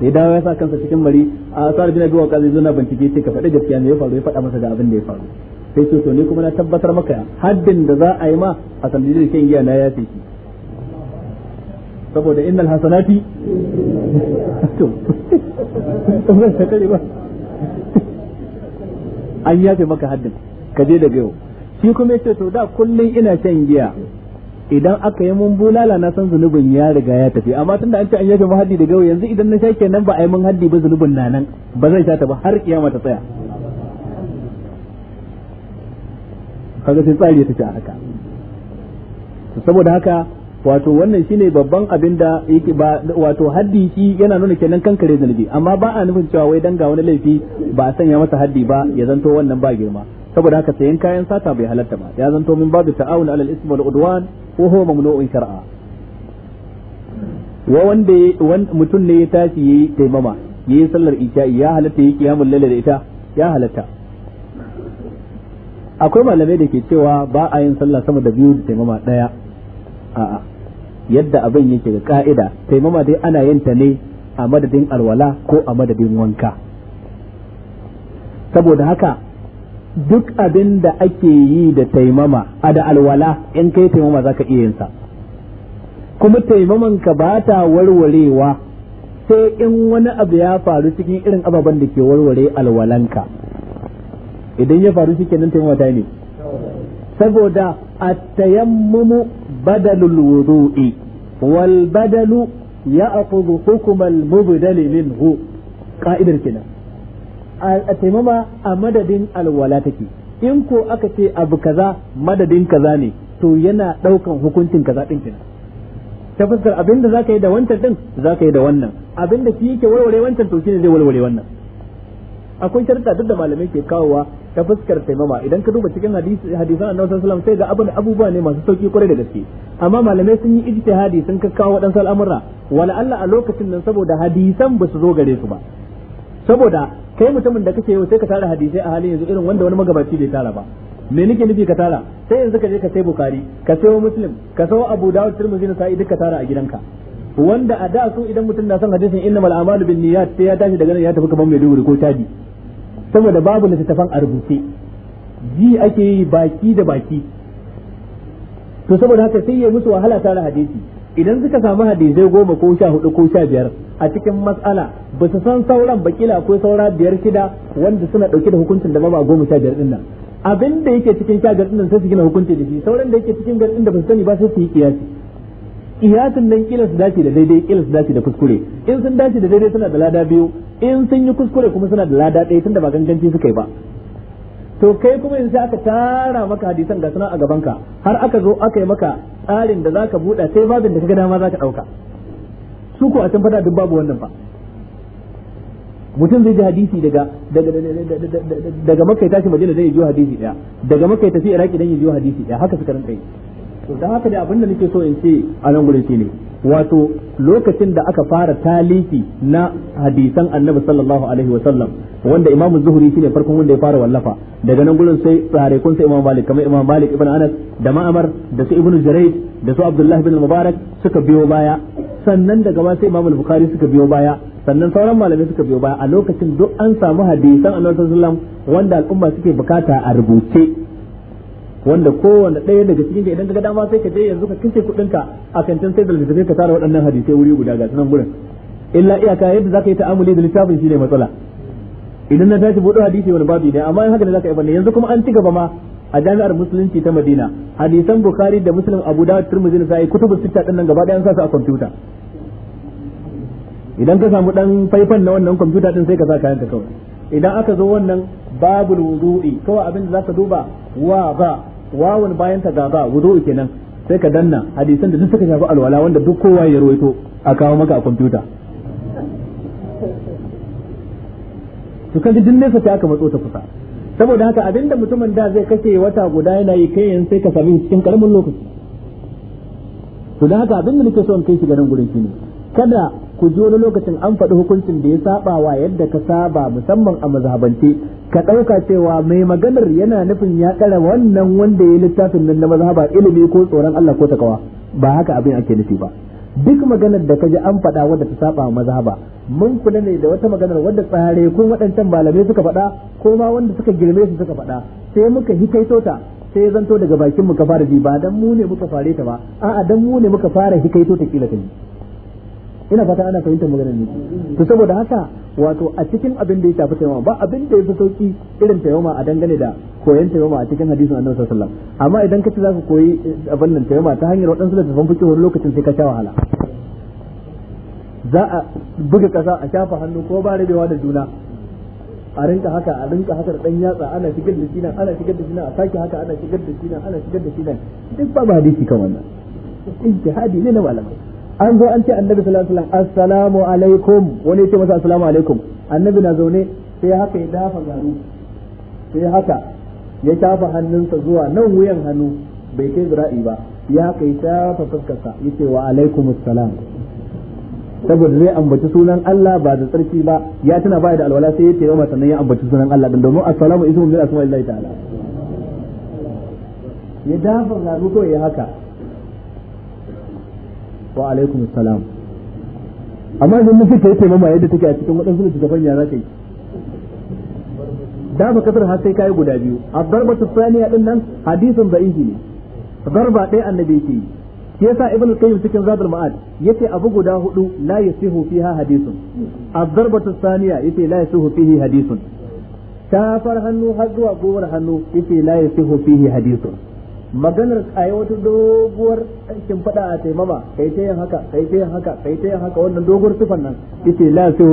da ya dawo ya sa kansa cikin mari a sa'ad bin abi kazi zuna na bincike sai ka faɗi gaskiya ne ya faru ya faɗa masa da abin da ya faru sai ce to ni kuma na tabbatar maka haddin da za a yi ma a sanadiyar shan giya na ya ce shi saboda innal hasanati to kuma ta kare ba an yafe maka haddin ka je daga yau shi kuma yace to da kullun ina shan giya idan aka yi mun bulala na san zunubin ya riga ya tafi amma tunda an ce an yafe mu da gawo yanzu idan na sha kenan ba a yi mun haddi ba zunubin na nan ba zai sha ta ba har kiyama ta tsaya kaga sai tsari ta ce a haka saboda haka wato wannan shine babban abin da yake ba wato haddi shi yana nuna kenan kankare zunubi amma ba a nufin cewa wai dan ga wani laifi ba a sanya masa haddi ba ya zanto wannan ba girma saboda haka sayan kayan sata bai halatta ba ya zanto min babu ta'awun alal ismi wal udwan wa huwa mamnu'un shar'a wa wanda mutum ne ya tashi yayi taimama yayi sallar isha ya halatta yayi qiyamul layl da ita ya halatta akwai malamai da ke cewa ba a yin sallah sama da biyu da taimama daya a'a yadda abin yake ga ka'ida taimama dai ana yin ta ne a madadin alwala ko a madadin wanka saboda haka duk abin da ake yi da taimama a da alwala in kai taimama zaka iya yinsa kuma taimaman ka ba ta warwarewa sai in wani abu ya faru cikin irin ababen da ke warware alwalanka idan ya faru cikin nan taimama ta ne saboda a tayammumu badalul wudu'i wal badalu ya'khudhu hukm al-mubdal minhu ka'idar kenan a taimama a madadin alwala take in ko aka ce abu kaza madadin kaza ne to yana daukan hukuncin kaza din kenan ta fuskar abin da zaka yi da wancan din zaka yi da wannan abin da yake warware wancan to shine zai warware wannan akwai sharta duk da malamai ke kawowa ta fuskar taimama idan ka duba cikin hadisi hadisan annabi sallallahu alaihi wasallam sai ga abin abubuwa ne masu sauki kwarai da gaske amma malamai sun yi ijtihadi sun kakkawo waɗansu al'amura wala Allah a lokacin nan saboda hadisan ba su zo gare su ba saboda kai mutumin da kake yau sai ka tara hadisai a halin yanzu irin wanda wani magabaci bai tara ba me nake nufi ka tara sai yanzu ka je ka sai bukari ka sayo muslim ka sayo abu dawud tirmidhi na sa'i duka tara a gidanka wanda a da su idan mutum na son hadisin innamal a'malu bin niyyat sai ya tashi daga nan ya tafi kaman Maiduguri ko tadi saboda babu littattafan a rubuce ji ake yi baki da baki to saboda haka sai ya musu wahala tara hadisi idan suka samu hadisai goma ko sha hudu ko sha biyar a cikin matsala ba su san sauran bakila ko saura biyar shida wanda suna dauke da hukuncin da ba goma sha biyar din nan abin da yake cikin sha biyar din sai su gina hukunci da shi sauran da yake cikin biyar din da ba su sani ba sai su yi kiyasi kiyasin nan kila su dace da daidai kila su dace da kuskure in sun dace da daidai suna da lada biyu in sun yi kuskure kuma suna da lada ɗaya tunda ba ganganci suka yi ba to kai kuma yanzu aka tara maka hadisan ga suna a gaban ka har aka zo aka yi maka tsarin da zaka buɗa sai babin da kaga dama zaka ɗauka su ko a can fada duk babu wannan fa mutum zai ji hadisi daga daga maka ya tashi madina zai ji hadisi daya daga maka ya tafi iraki dan ya ji hadisi daya haka suka rinka yi to dan haka dai abinda nake so in ce a nan shi ne. wato lokacin da aka fara talifi na hadisan annabi sallallahu alaihi wa sallam wanda imam zuhri shine farkon wanda ya fara wallafa daga nan gurin sai tsare sai imam malik kamar imam malik ibn anas da ma'amar da su ibn jarayd da su abdullah ibn mubarak suka biyo baya sannan daga ba sai imam al-bukhari suka biyo baya sannan sauran malamai suka biyo baya a lokacin duk an samu hadisan annabi sallallahu alaihi wa sallam wanda al'umma suke bukata a rubuce wanda kowanne ɗaya daga cikin ka idan ka ga dama sai ka je yanzu ka kince kuɗin ka a kantin sai da littafin ka tara waɗannan hadisai wuri guda ga sunan gurin illa iyaka yadda zaka yi ta'amuli da littafin shine matsala idan na tashi buɗo hadisi wani babu ne amma haka ne zaka yi yanzu kuma an ci gaba ma a jami'ar musulunci ta Madina hadisan Bukhari da Muslim Abu Dawud Tirmidhi Sa'i kutubu sita din nan gaba ɗaya an sa su a kwamfuta idan ka samu ɗan faifan na wannan kwamfuta din sai ka sa kayan ka kawai idan aka zo wannan babul wudu'i kawai abin da zaka duba wa ba wawun bayan ta gaba wudu'i kenan sai ka danna hadisan da duk suka shafi alwala wanda duk kowa ya rawaito a kawo maka a kwamfuta to din nesa sai aka matso ta kusa saboda haka abinda mutumin da zai kashe wata guda yana yi kai yanzu sai ka sami cikin karamin lokaci to dan haka abinda nake so in kai shi garin gurin shine kada ku ji wani lokacin an faɗi hukuncin da ya saba wa yadda ka saba musamman a mazhabance ka ɗauka cewa mai maganar yana nufin ya ƙara wannan wanda ya yi littafin nan na mazhaba ilimi ko tsoron Allah ko takawa ba haka abin ake nufi ba duk maganar da ka ji an faɗa wadda ta saba wa mazhaba mun kula ne da wata maganar wadda tsare ko waɗancan malamai suka faɗa ko ma wanda suka girme su suka faɗa sai muka hikaito ta sai zan zanto daga bakin mu ka fara ji ba dan mu ne muka fare ta ba a'a dan mu ne muka fara hikaito ta kila ina fata ana fahimtar maganar ne to saboda haka wato a cikin abin da ya tafi tayammuma ba abin da ya fi sauki irin tayammuma a dangane da koyon tayammuma a cikin hadisin annabi sallallahu alaihi wasallam amma idan ka ce zaka koyi eh, abin nan tayammuma ta hanyar waɗansu da tafan fiqh wani lokacin sai ka sha wahala za a buga kasa a shafa hannu ko ba rabewa da juna a rinka haka a rinka haka da dan yatsa ana shigar da shi nan ana shigar da shi nan a sake haka ana shigar da shi nan ana shigar da shi nan duk ba hadisi kan wannan ijtihadi ne na malamai an zo an ce annabi sallallahu alaihi wasallam assalamu alaikum wani ya ce masa assalamu alaikum annabi na zaune sai haka ya dafa garu sai haka ya tafa hannunsa zuwa nan wuyan hannu bai kai zira'i ba ya haka ya tafa fuskarsa ya ce wa alaikum assalam saboda zai ambaci sunan Allah ba da tsarki ba ya tuna ba da alwala sai ya ce yawa sannan ya ambaci sunan Allah din domin assalamu ismu min asma'illahi ta'ala ya dafa garu kawai ya haka wa alaikum salam. amma idan mutum kai taimama yadda take a cikin waɗansu littattafan ya zaka ka yi da ba kasar har sai kayi guda biyu a darbatu saniya din nan hadisin da ne darba ɗaya annabi yake yi shi yasa ibnu qayyim cikin zadul ma'ad yace abu guda hudu la yasihu fiha hadisun az-darbatu thaniya yace la yasihu fihi hadisun tafar hannu har zuwa gowar hannu yace la yasihu fihi hadisun maganar a wata doguwar kin fada a taimama kai ta yin haka kai ta yin haka kai ta yin haka wannan doguwar tufan nan ita la sai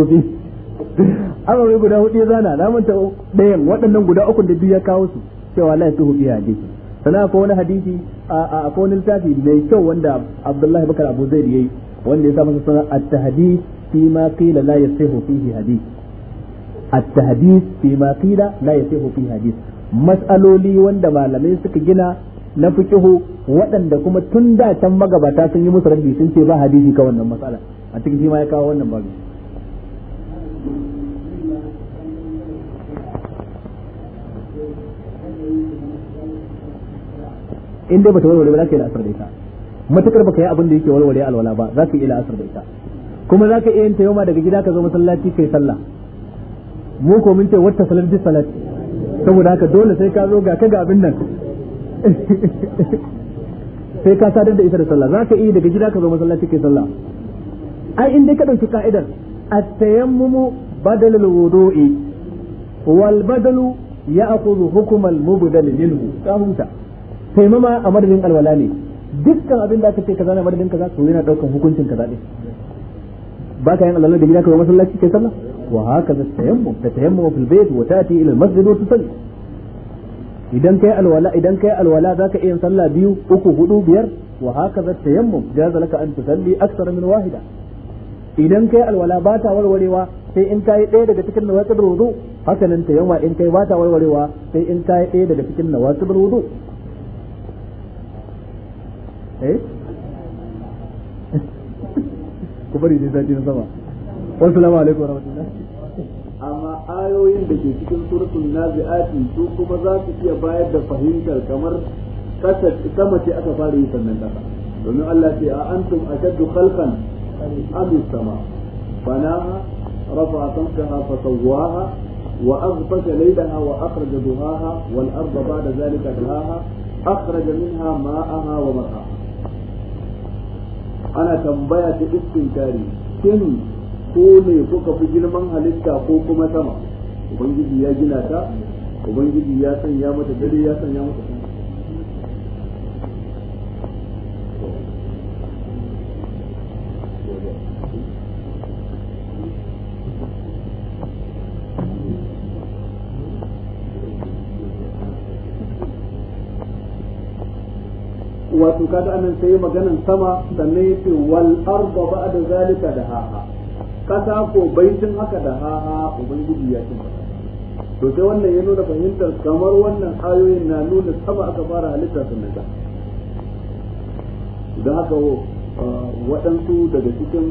amma mai guda hudu ya zana na manta ɗayan waɗannan guda uku da biyu ya kawo su cewa la sai ya hadisi sana akwai wani hadisi a akwai wani littafi mai kyau wanda Abdullahi Bakar Abu zai yayi wanda ya sa masa sunan a tahdith fi ma qila la yasihu fihi hadith at-tahdith fi ma qila la yasihu fihi hadith mas'aloli wanda malamai suka gina na fiqhu waɗanda kuma tun da can magabata sun yi musu rabbi sun ce ba hadisi ka wannan matsala a cikin shi ma ya kawo wannan babu in dai bata walwale ba za ka yi la'asar da ita matukar baka yi abin da yake warware alwala ba za ka yi la'asar da ita kuma za ka iya yin yoma daga gida ka zo masallaci kai sallah mu ko mun ce wata salar salati saboda haka dole sai ka zo ga ka ga abin nan sai ka sadar da ita da sallah za ka iya daga gida ka zo masallaci ke sallah ai in dai ka dauki ka'idar at-tayammumu badalul wudu'i wal badalu ya'khudhu hukm al-mubdal minhu ka huta taimama a madadin alwala ne dukkan abin da aka kaza ne madadin kaza to yana daukan hukuncin kaza ne. ba ka yin alwala da gida ka zo masallaci ke sallah wa hakaza tayammum tayammumu fil bayt wa tati ila al-masjid wa tusalli idan kai alwala idan kai alwala zaka iya sallah biyu uku hudu biyar wa haka hakaza tayammum jaza laka an tusalli aksara min wahida idan kai alwala ba ta warwarewa sai in kai ɗaya daga cikin nawaqid wudu haka nan tayamma in kai ba ta warwarewa sai in kai ɗaya daga cikin nawaqid wudu eh ku bari sai sai sama wassalamu alaikum warahmatullahi ayoyin da ke cikin suratul nazi'ati su kuma za su iya bayar da fahimtar kamar kama ce aka fara yi sannan kasa domin Allah ce a antum ashaddu khalqan am sama fanaha rafa'a samkaha fa sawwaha wa aghtasha laylaha wa akhraja duhaha wal arda ba'da zalika dahaha akhraja minha ma'aha wa mar'aha ana tambaya ta istinkari kin ko ne kuka fi girman halitta ko kuma sama ubangiji ya gina ta ubangiji ya sanya mata dare ya sanya mata wato kaga anan sai maganan sama sannan yace wal arda ba'da zalika da haha. kasa ko jin haka da haha ubangiji ya cin to sai wannan ya nuna fahimtar kamar wannan ayoyin na nuna sama aka fara halitta sun nasa don haka uh, waɗansu daga cikin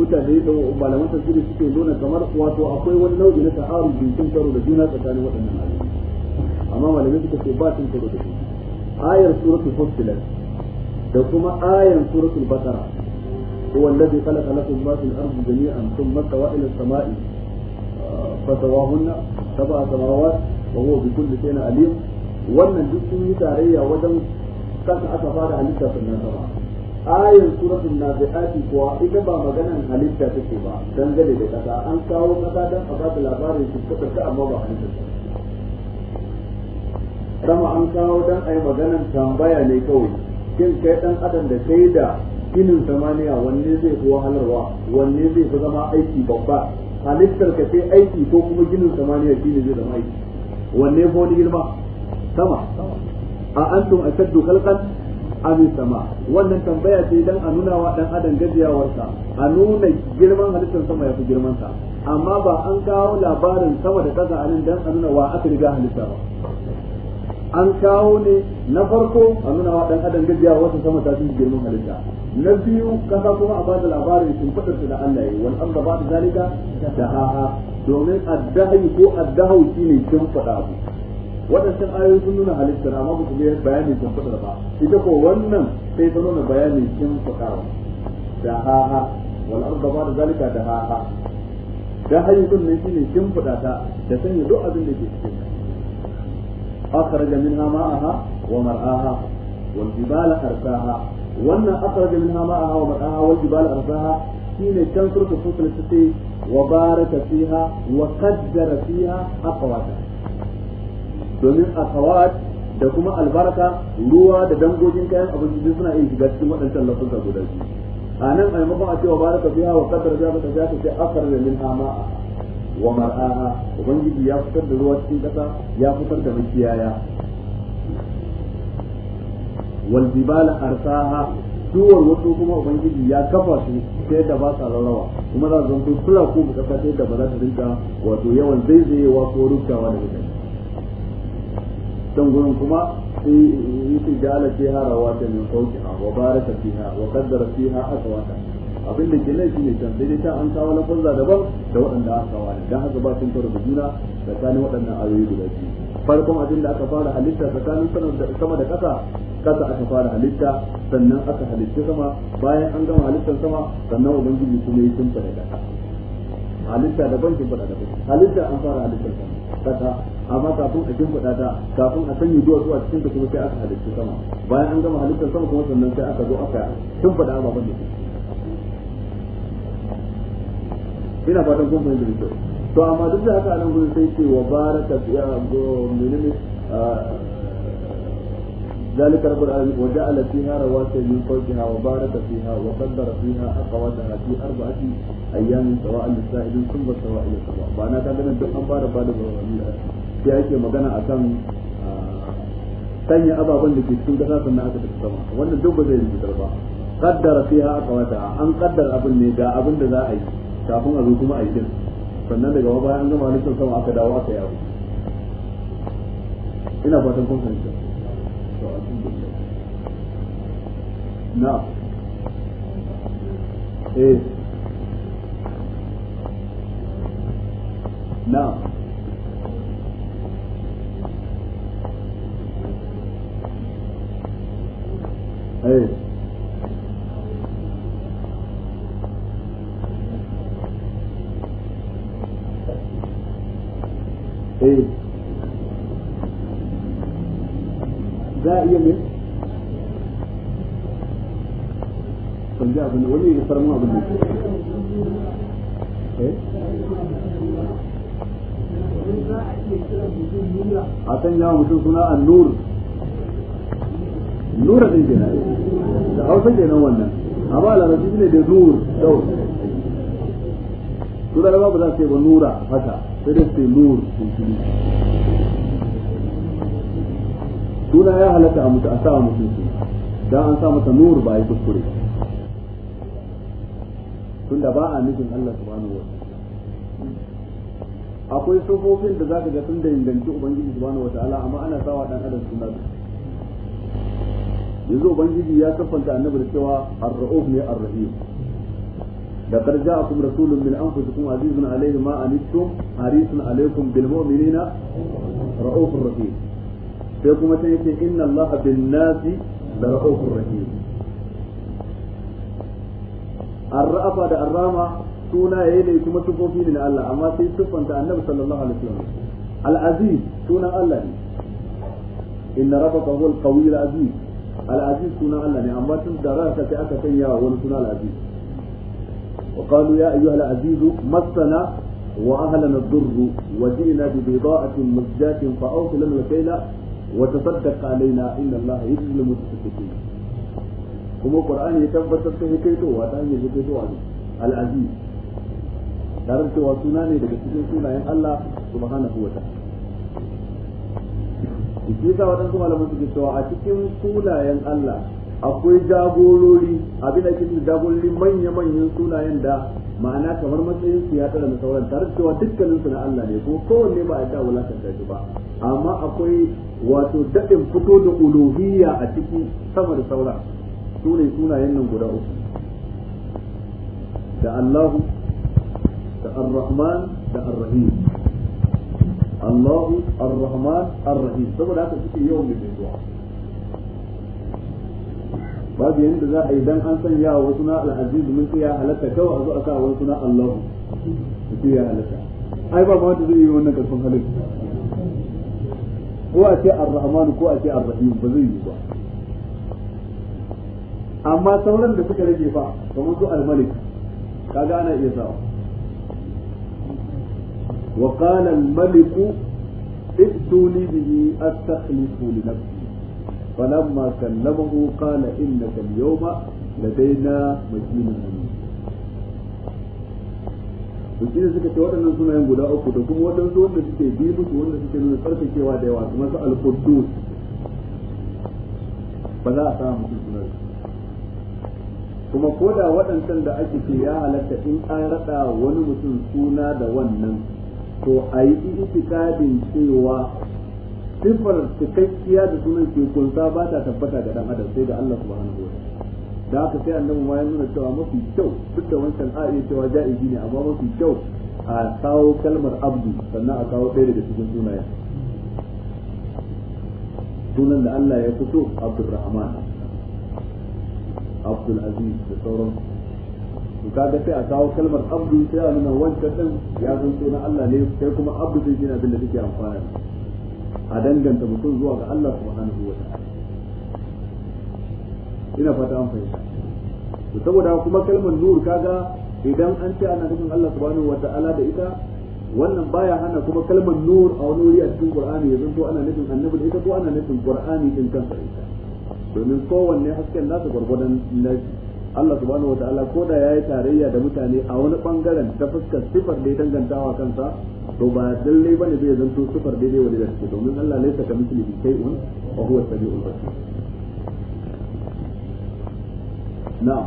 mutane da malaman tafsiri suke nuna kamar wato akwai wani nau'i na ta'aruf bin cin karo da juna tsakanin waɗannan ayoyi amma malamai suka ce ba cin karo da juna ayar suratul fussilat da kuma ayar suratul bakara هو الذي خلق لكم ما في الأرض جميعا ثم استوى إلى السماء فسواهن سبع سماوات وهو بكل شيء عليم wannan duk sun yi tarayya wajen kasa aka fara halitta sun sannan sama ayan suratul nazi'ati kuwa ita ba maganan halitta take ba dangane da kasa an kawo kasa dan a bada labarin shi ta amma ba halitta ba sama an kawo dan ai maganan tambaya ne kawai shin kai dan adam da kai da ginin samaniya wanne zai fi wahalarwa wanne zai fi zama aiki babba halittar ka sai aiki ko kuma ginin samaniya shi ne zai zama aiki wanne ko wani girma sama a antum ashaddu khalqan am sama wannan tambaya ce dan a nuna wa dan adam gajiyawarsa a nuna girman halittar sama ya fi girman sa amma ba an kawo labarin sama da kasa anan dan a nuna wa aka riga halitta ba an kawo ne na farko a nuna wa dan adam gajiya wata sama ta fi girman halitta na biyu kasa kuma a bada labarin sun fadarta da Allah yi wal amma ba da zalika da ha'a domin addahi ko addahu shine kin fada abu waɗancan ayoyi sun nuna halitta amma ba su biya bayanin kin fadar ba ita ko wannan sai ta nuna bayanin kin fada da ha'a wal amma ba da zalika da ha'a da hayyun ne shine kin fada ta da sanya duk abin da ke cikin أخرج منها ماءها ومرآها والجبال أرساها وأن أخرج منها ماءها ومرآها والجبال أرساها حين تنصر تفوت الستي وبارك فيها وقدر فيها أقواتها domin akawat da kuma albarka ruwa da dangogin kayan abinci duk suna iya shiga cikin waɗancan lafuzza guda biyu a nan a maimakon a cewa baraka fiha wa qadara fiha ba ta sai akara da min ama'a wa mar'aha ubangiji ya fitar da ruwa cikin kasa ya fitar da makiyaya wal jibala arsaha duwar wasu kuma ubangiji ya kafa su sai da ba sa rarrawa kuma za su zanto kula ko mu kasa sai da ba za ta rinka wato yawan zaizayewa ko rubtawa da mutane dan gurin kuma sai yake jala fiha rawatan min fawqiha wa baraka fiha wa qaddara fiha aqwata abin da ke nan ne can daidai ta an kawo kwanza daban da waɗanda aka kawo da dan haka ba sun fara da juna tsakanin waɗannan ayoyi guda biyu farkon abin da aka fara halitta tsakanin sama da ƙasa ƙasa aka fara halitta sannan aka halitta sama bayan an gama halittar sama sannan ubangiji kuma ya tunta da ƙasa halitta daban kin faɗa daban halitta an fara halittar sama ƙasa amma kafin a kin fada ta kafin a sanya duwatsu a cikin ta kuma sai aka halitta sama bayan an gama halittar sama kuma sannan sai aka zo aka kin faɗa ababen da ina fatan kun fahimta da kyau to amma duk da haka nan gurin sai ce wa baraka ya go sanya ababen da ke cikin kasa sannan aka tafi sama wannan duk ba zai rubutar ba kaddara fiha an kaddara abin ne ga abin da za a yi kafin a zo kuma a yi sannan daga wa bayan gama halittar sama aka dawo aka yi abu ina fatan kun fahimta na eh na eh za a iya mai kan abin da wani ne sarmun abin da eh? a san yawa mutum suna a nur nura ɗin da hausa wannan amma larabci ne da nur kawai su da ba za su yi ba nura haka sai dai sai nur tuntuni suna ya halatta a mutu a sa mutum su dan an sa masa nur ba ya kuskure tunda ba a nufin Allah subhanahu wa akwai sufofin da zaka ga tun da inganci ubangiji subhanahu wa ta'ala amma ana sawa dan adam suna yanzu ubangiji ya siffanta annabi da cewa ar-ra'uf ne ar-rahim لقد جاءكم رسول من انفسكم عزيز عليه ما عنتم حريص عليكم بالمؤمنين رؤوف رحيم sai kuma sai yake inna allaha bin da ra'ufur rahim arrafa da arrama suna yayi ne kuma sifofi ne na Allah amma sai siffanta annabi sallallahu alaihi wasallam al-aziz sunan Allah ne inna rabbaka huwal qawiyul aziz al-aziz Allah ne amma da ra'aka aka sanya wani sunan وقالوا يا أيها العزيز مسنا وأهلنا الضر وجئنا ببضاعة مزجاة فأوف لنا الكيل وتصدق علينا إن الله يجزي المتصدقين كما القرآن يتبت تهكيته وتعني يجيته العزيز tare cewa suna ne daga cikin sunayen Allah subhanahu wa ta'ala shi yasa waɗansu malaman suke cewa a cikin sunayen Allah akwai jagorori abin da kin jagorori manya manyan sunayen da ma'ana kamar matsayin su ya tsara na sauran tare da cewa dukkanin su na Allah ne ko kowanne ba a da wulakanta shi ba amma akwai wato dadin fito da uluhiyya a ciki sama da sauran su ne sunayen nan guda uku da Allah da Ar-Rahman da Ar-Rahim Allah Ar-Rahman Ar-Rahim saboda haka suke yawan mai zuwa babu yanda za a yi dan an sanya wa wasu na al'aziz mun ce ya halatta kawai a zo a sa wasu na Allah ce ya halatta ai ba ma zai yi wannan karfin halin ko a ce ar-rahman ko a ce ar-rahim ba zai yi ba amma sauran da suka rage fa kamar su al-malik kaga ana iya sawa وقال الملك ائتوني به استخلصه لنفسي فلما كلمه قال إنك اليوم لدينا مكين أمين da suka ce waɗannan sunayen guda uku da kuma waɗansu wanda suke bi musu wanda suke nuna cewa da yawa kuma su alƙuddus ba za a samu mutum sunan kuma ko da waɗancan da ake ce ya halatta in an raɗa wani mutum suna da wannan to a yi itikadin cewa sifar cikakkiya da sunan ke kunsa ba ta tabbata ga dan adam sai da Allah subhanahu wa da aka sai annabi ma ya nuna cewa mafi kyau duk da wancan a iya cewa ja'izi ne amma mafi kyau a kawo kalmar abdu sannan a kawo ɗaya daga cikin sunayen sunan da Allah ya fito rahman Abdul Aziz da sauran to kaga sai a kawo kalmar abdu sai a nuna wancan din ya zanto na Allah ne sai kuma abdu zai gina abin da kake amfana da a danganta mutum zuwa ga Allah subhanahu wa ta'ala ina fata an fahimta to saboda kuma kalmar nur kaga idan an ce ana cikin Allah subhanahu wa ta'ala da ita wannan baya hana kuma kalmar nur a wani wuri a cikin Qur'ani yanzu ko ana nufin annabi da ita ko ana nufin Qur'ani din kansa ita domin kowanne hasken nasa gwargwadon lafiya Allah subhanahu wataala ko da yayi tarayya da mutane a wani bangaren ta fuskar sifar da ya dangantawa kansa to ba lallai bane zai zanto sifar daidai wani gaske domin Allah laisa ka mislihi shay'un wa huwa as-sami'ul basir na'am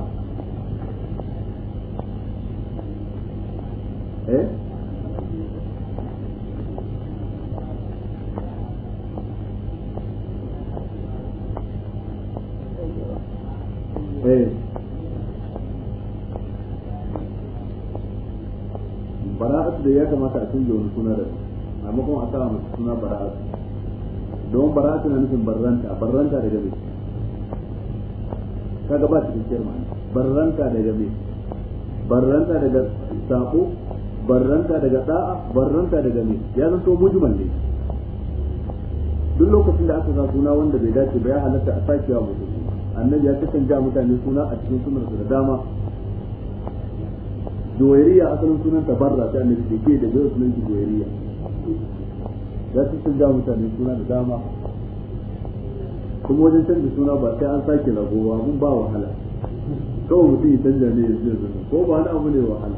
eh Hey. Eh. da ya kamata a canza wani suna da a makon a sa musu suna bara'atu don bara'atu na nufin barranta barranta da gabe kaga gaba su cikin ma'ana barranta da gabe barranta daga sako barranta daga da'a barranta daga mai ya zanto mujmal ne duk lokacin da aka sa suna wanda bai dace ba ya halatta a sakewa mutum annabi ya kasance mutane suna a cikin sunarsa da dama juwairiya asalin sunan ta barra ta ne ke ke da zai sunan shi juwairiya da su sun ja mutane suna da dama kuma wajen canza suna ba sai an sake ragowa mun ba wahala kawai mutum ya canja ne ya zai zai ko ba wani abu ne wahala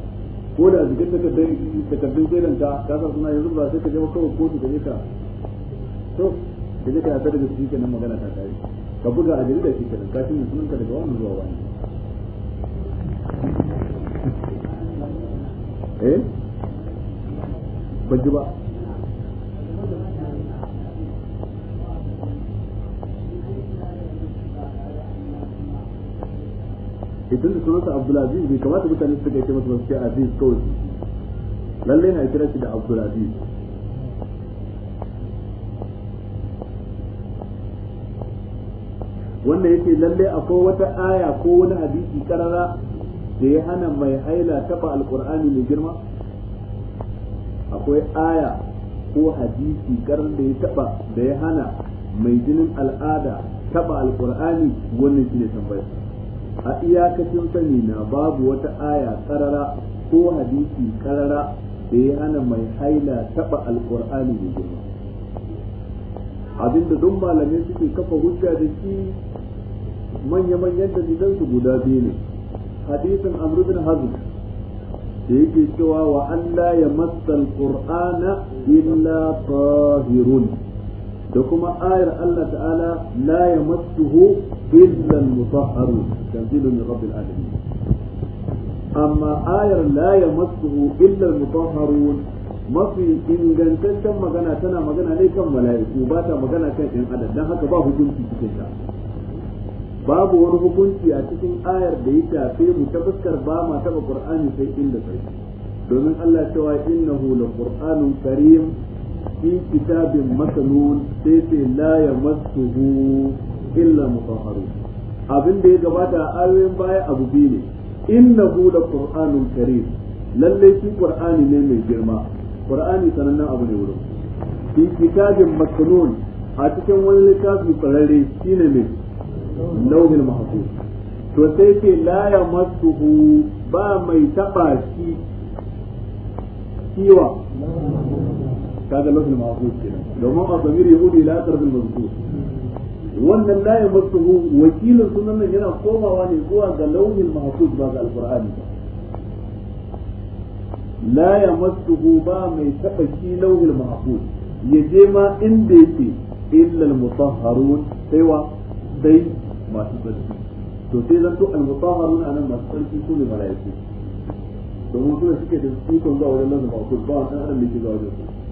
ko da jikin takardar takardun zailan ta ka sa suna yanzu ba sai ka je kawai kotu da nika to da ka ta daga cikin nan magana ta kai ka buga a jarida shi kenan ka tunne sunan daga wannan zuwa wani Eh? ji ba idan da sunansa abdulaziz bai kamata mutane su kai masa masu aziz kawai lalle na kira shi da abdulaziz wannan yake lalle akwai wata aya ko wani hadisi karara da ya hana mai haila taba alkur'ani mai girma akwai aya ko hadisi karar da ya taba da ya hana mai jinin al'ada taba alkur'ani wannan shine tambayar a iyakacin sani na babu wata aya karara ko hadisi karara da ya hana mai haila taba alkur'ani mai girma abinda don malamai suke kafa hujja da shi manya-manyan da su guda biyu ne hadisin amr bin hazm da yake cewa wa Allah ya matsal qur'ana illa tahirun da kuma ayar Allah ta'ala la yamassuhu illa al-mutahharun tanzilu amma ayar la yamassuhu illa al-mutahharun mafi ingantaccen magana tana magana ne kan mala'iku ba ta magana kan yan adam dan haka ba hukunci cikin ta babu wani hukunci a cikin ayar da ya shafe mu ta fuskar ba ma taba qur'ani sai inda sai domin Allah cewa innahu laqur'anun karim fi kitabin makanun sai sai la yamassuhu illa mutahharun abin da ya gabata a ayoyin baya abu biyu ne innahu laqur'anun karim lalle shi qur'ani ne mai girma qur'ani sanannen abu ne wurin fi kitabin makanun a cikin wani littafi tsararre shine mai launin mahfuz to sai ce la yamassuhu ba mai taba shi kiwa kaga launin mahfuz kenan domin a ya yahudi la tarbil mazkur wannan la yamassuhu wakilin sunan nan yana komawa ne zuwa ga launin mahfuz ba ga alkur'ani. ba la yamassuhu ba mai taba shi launin mahfuz ya je ma inda yake illa al-mutahharun sai wa sai masu tsarki to sai zan to al-mutahharun anan masu tsarki su ne mala'iku domin suna suke da ikon zuwa wajen lazama ko ba wani adam da ke zuwa wajen su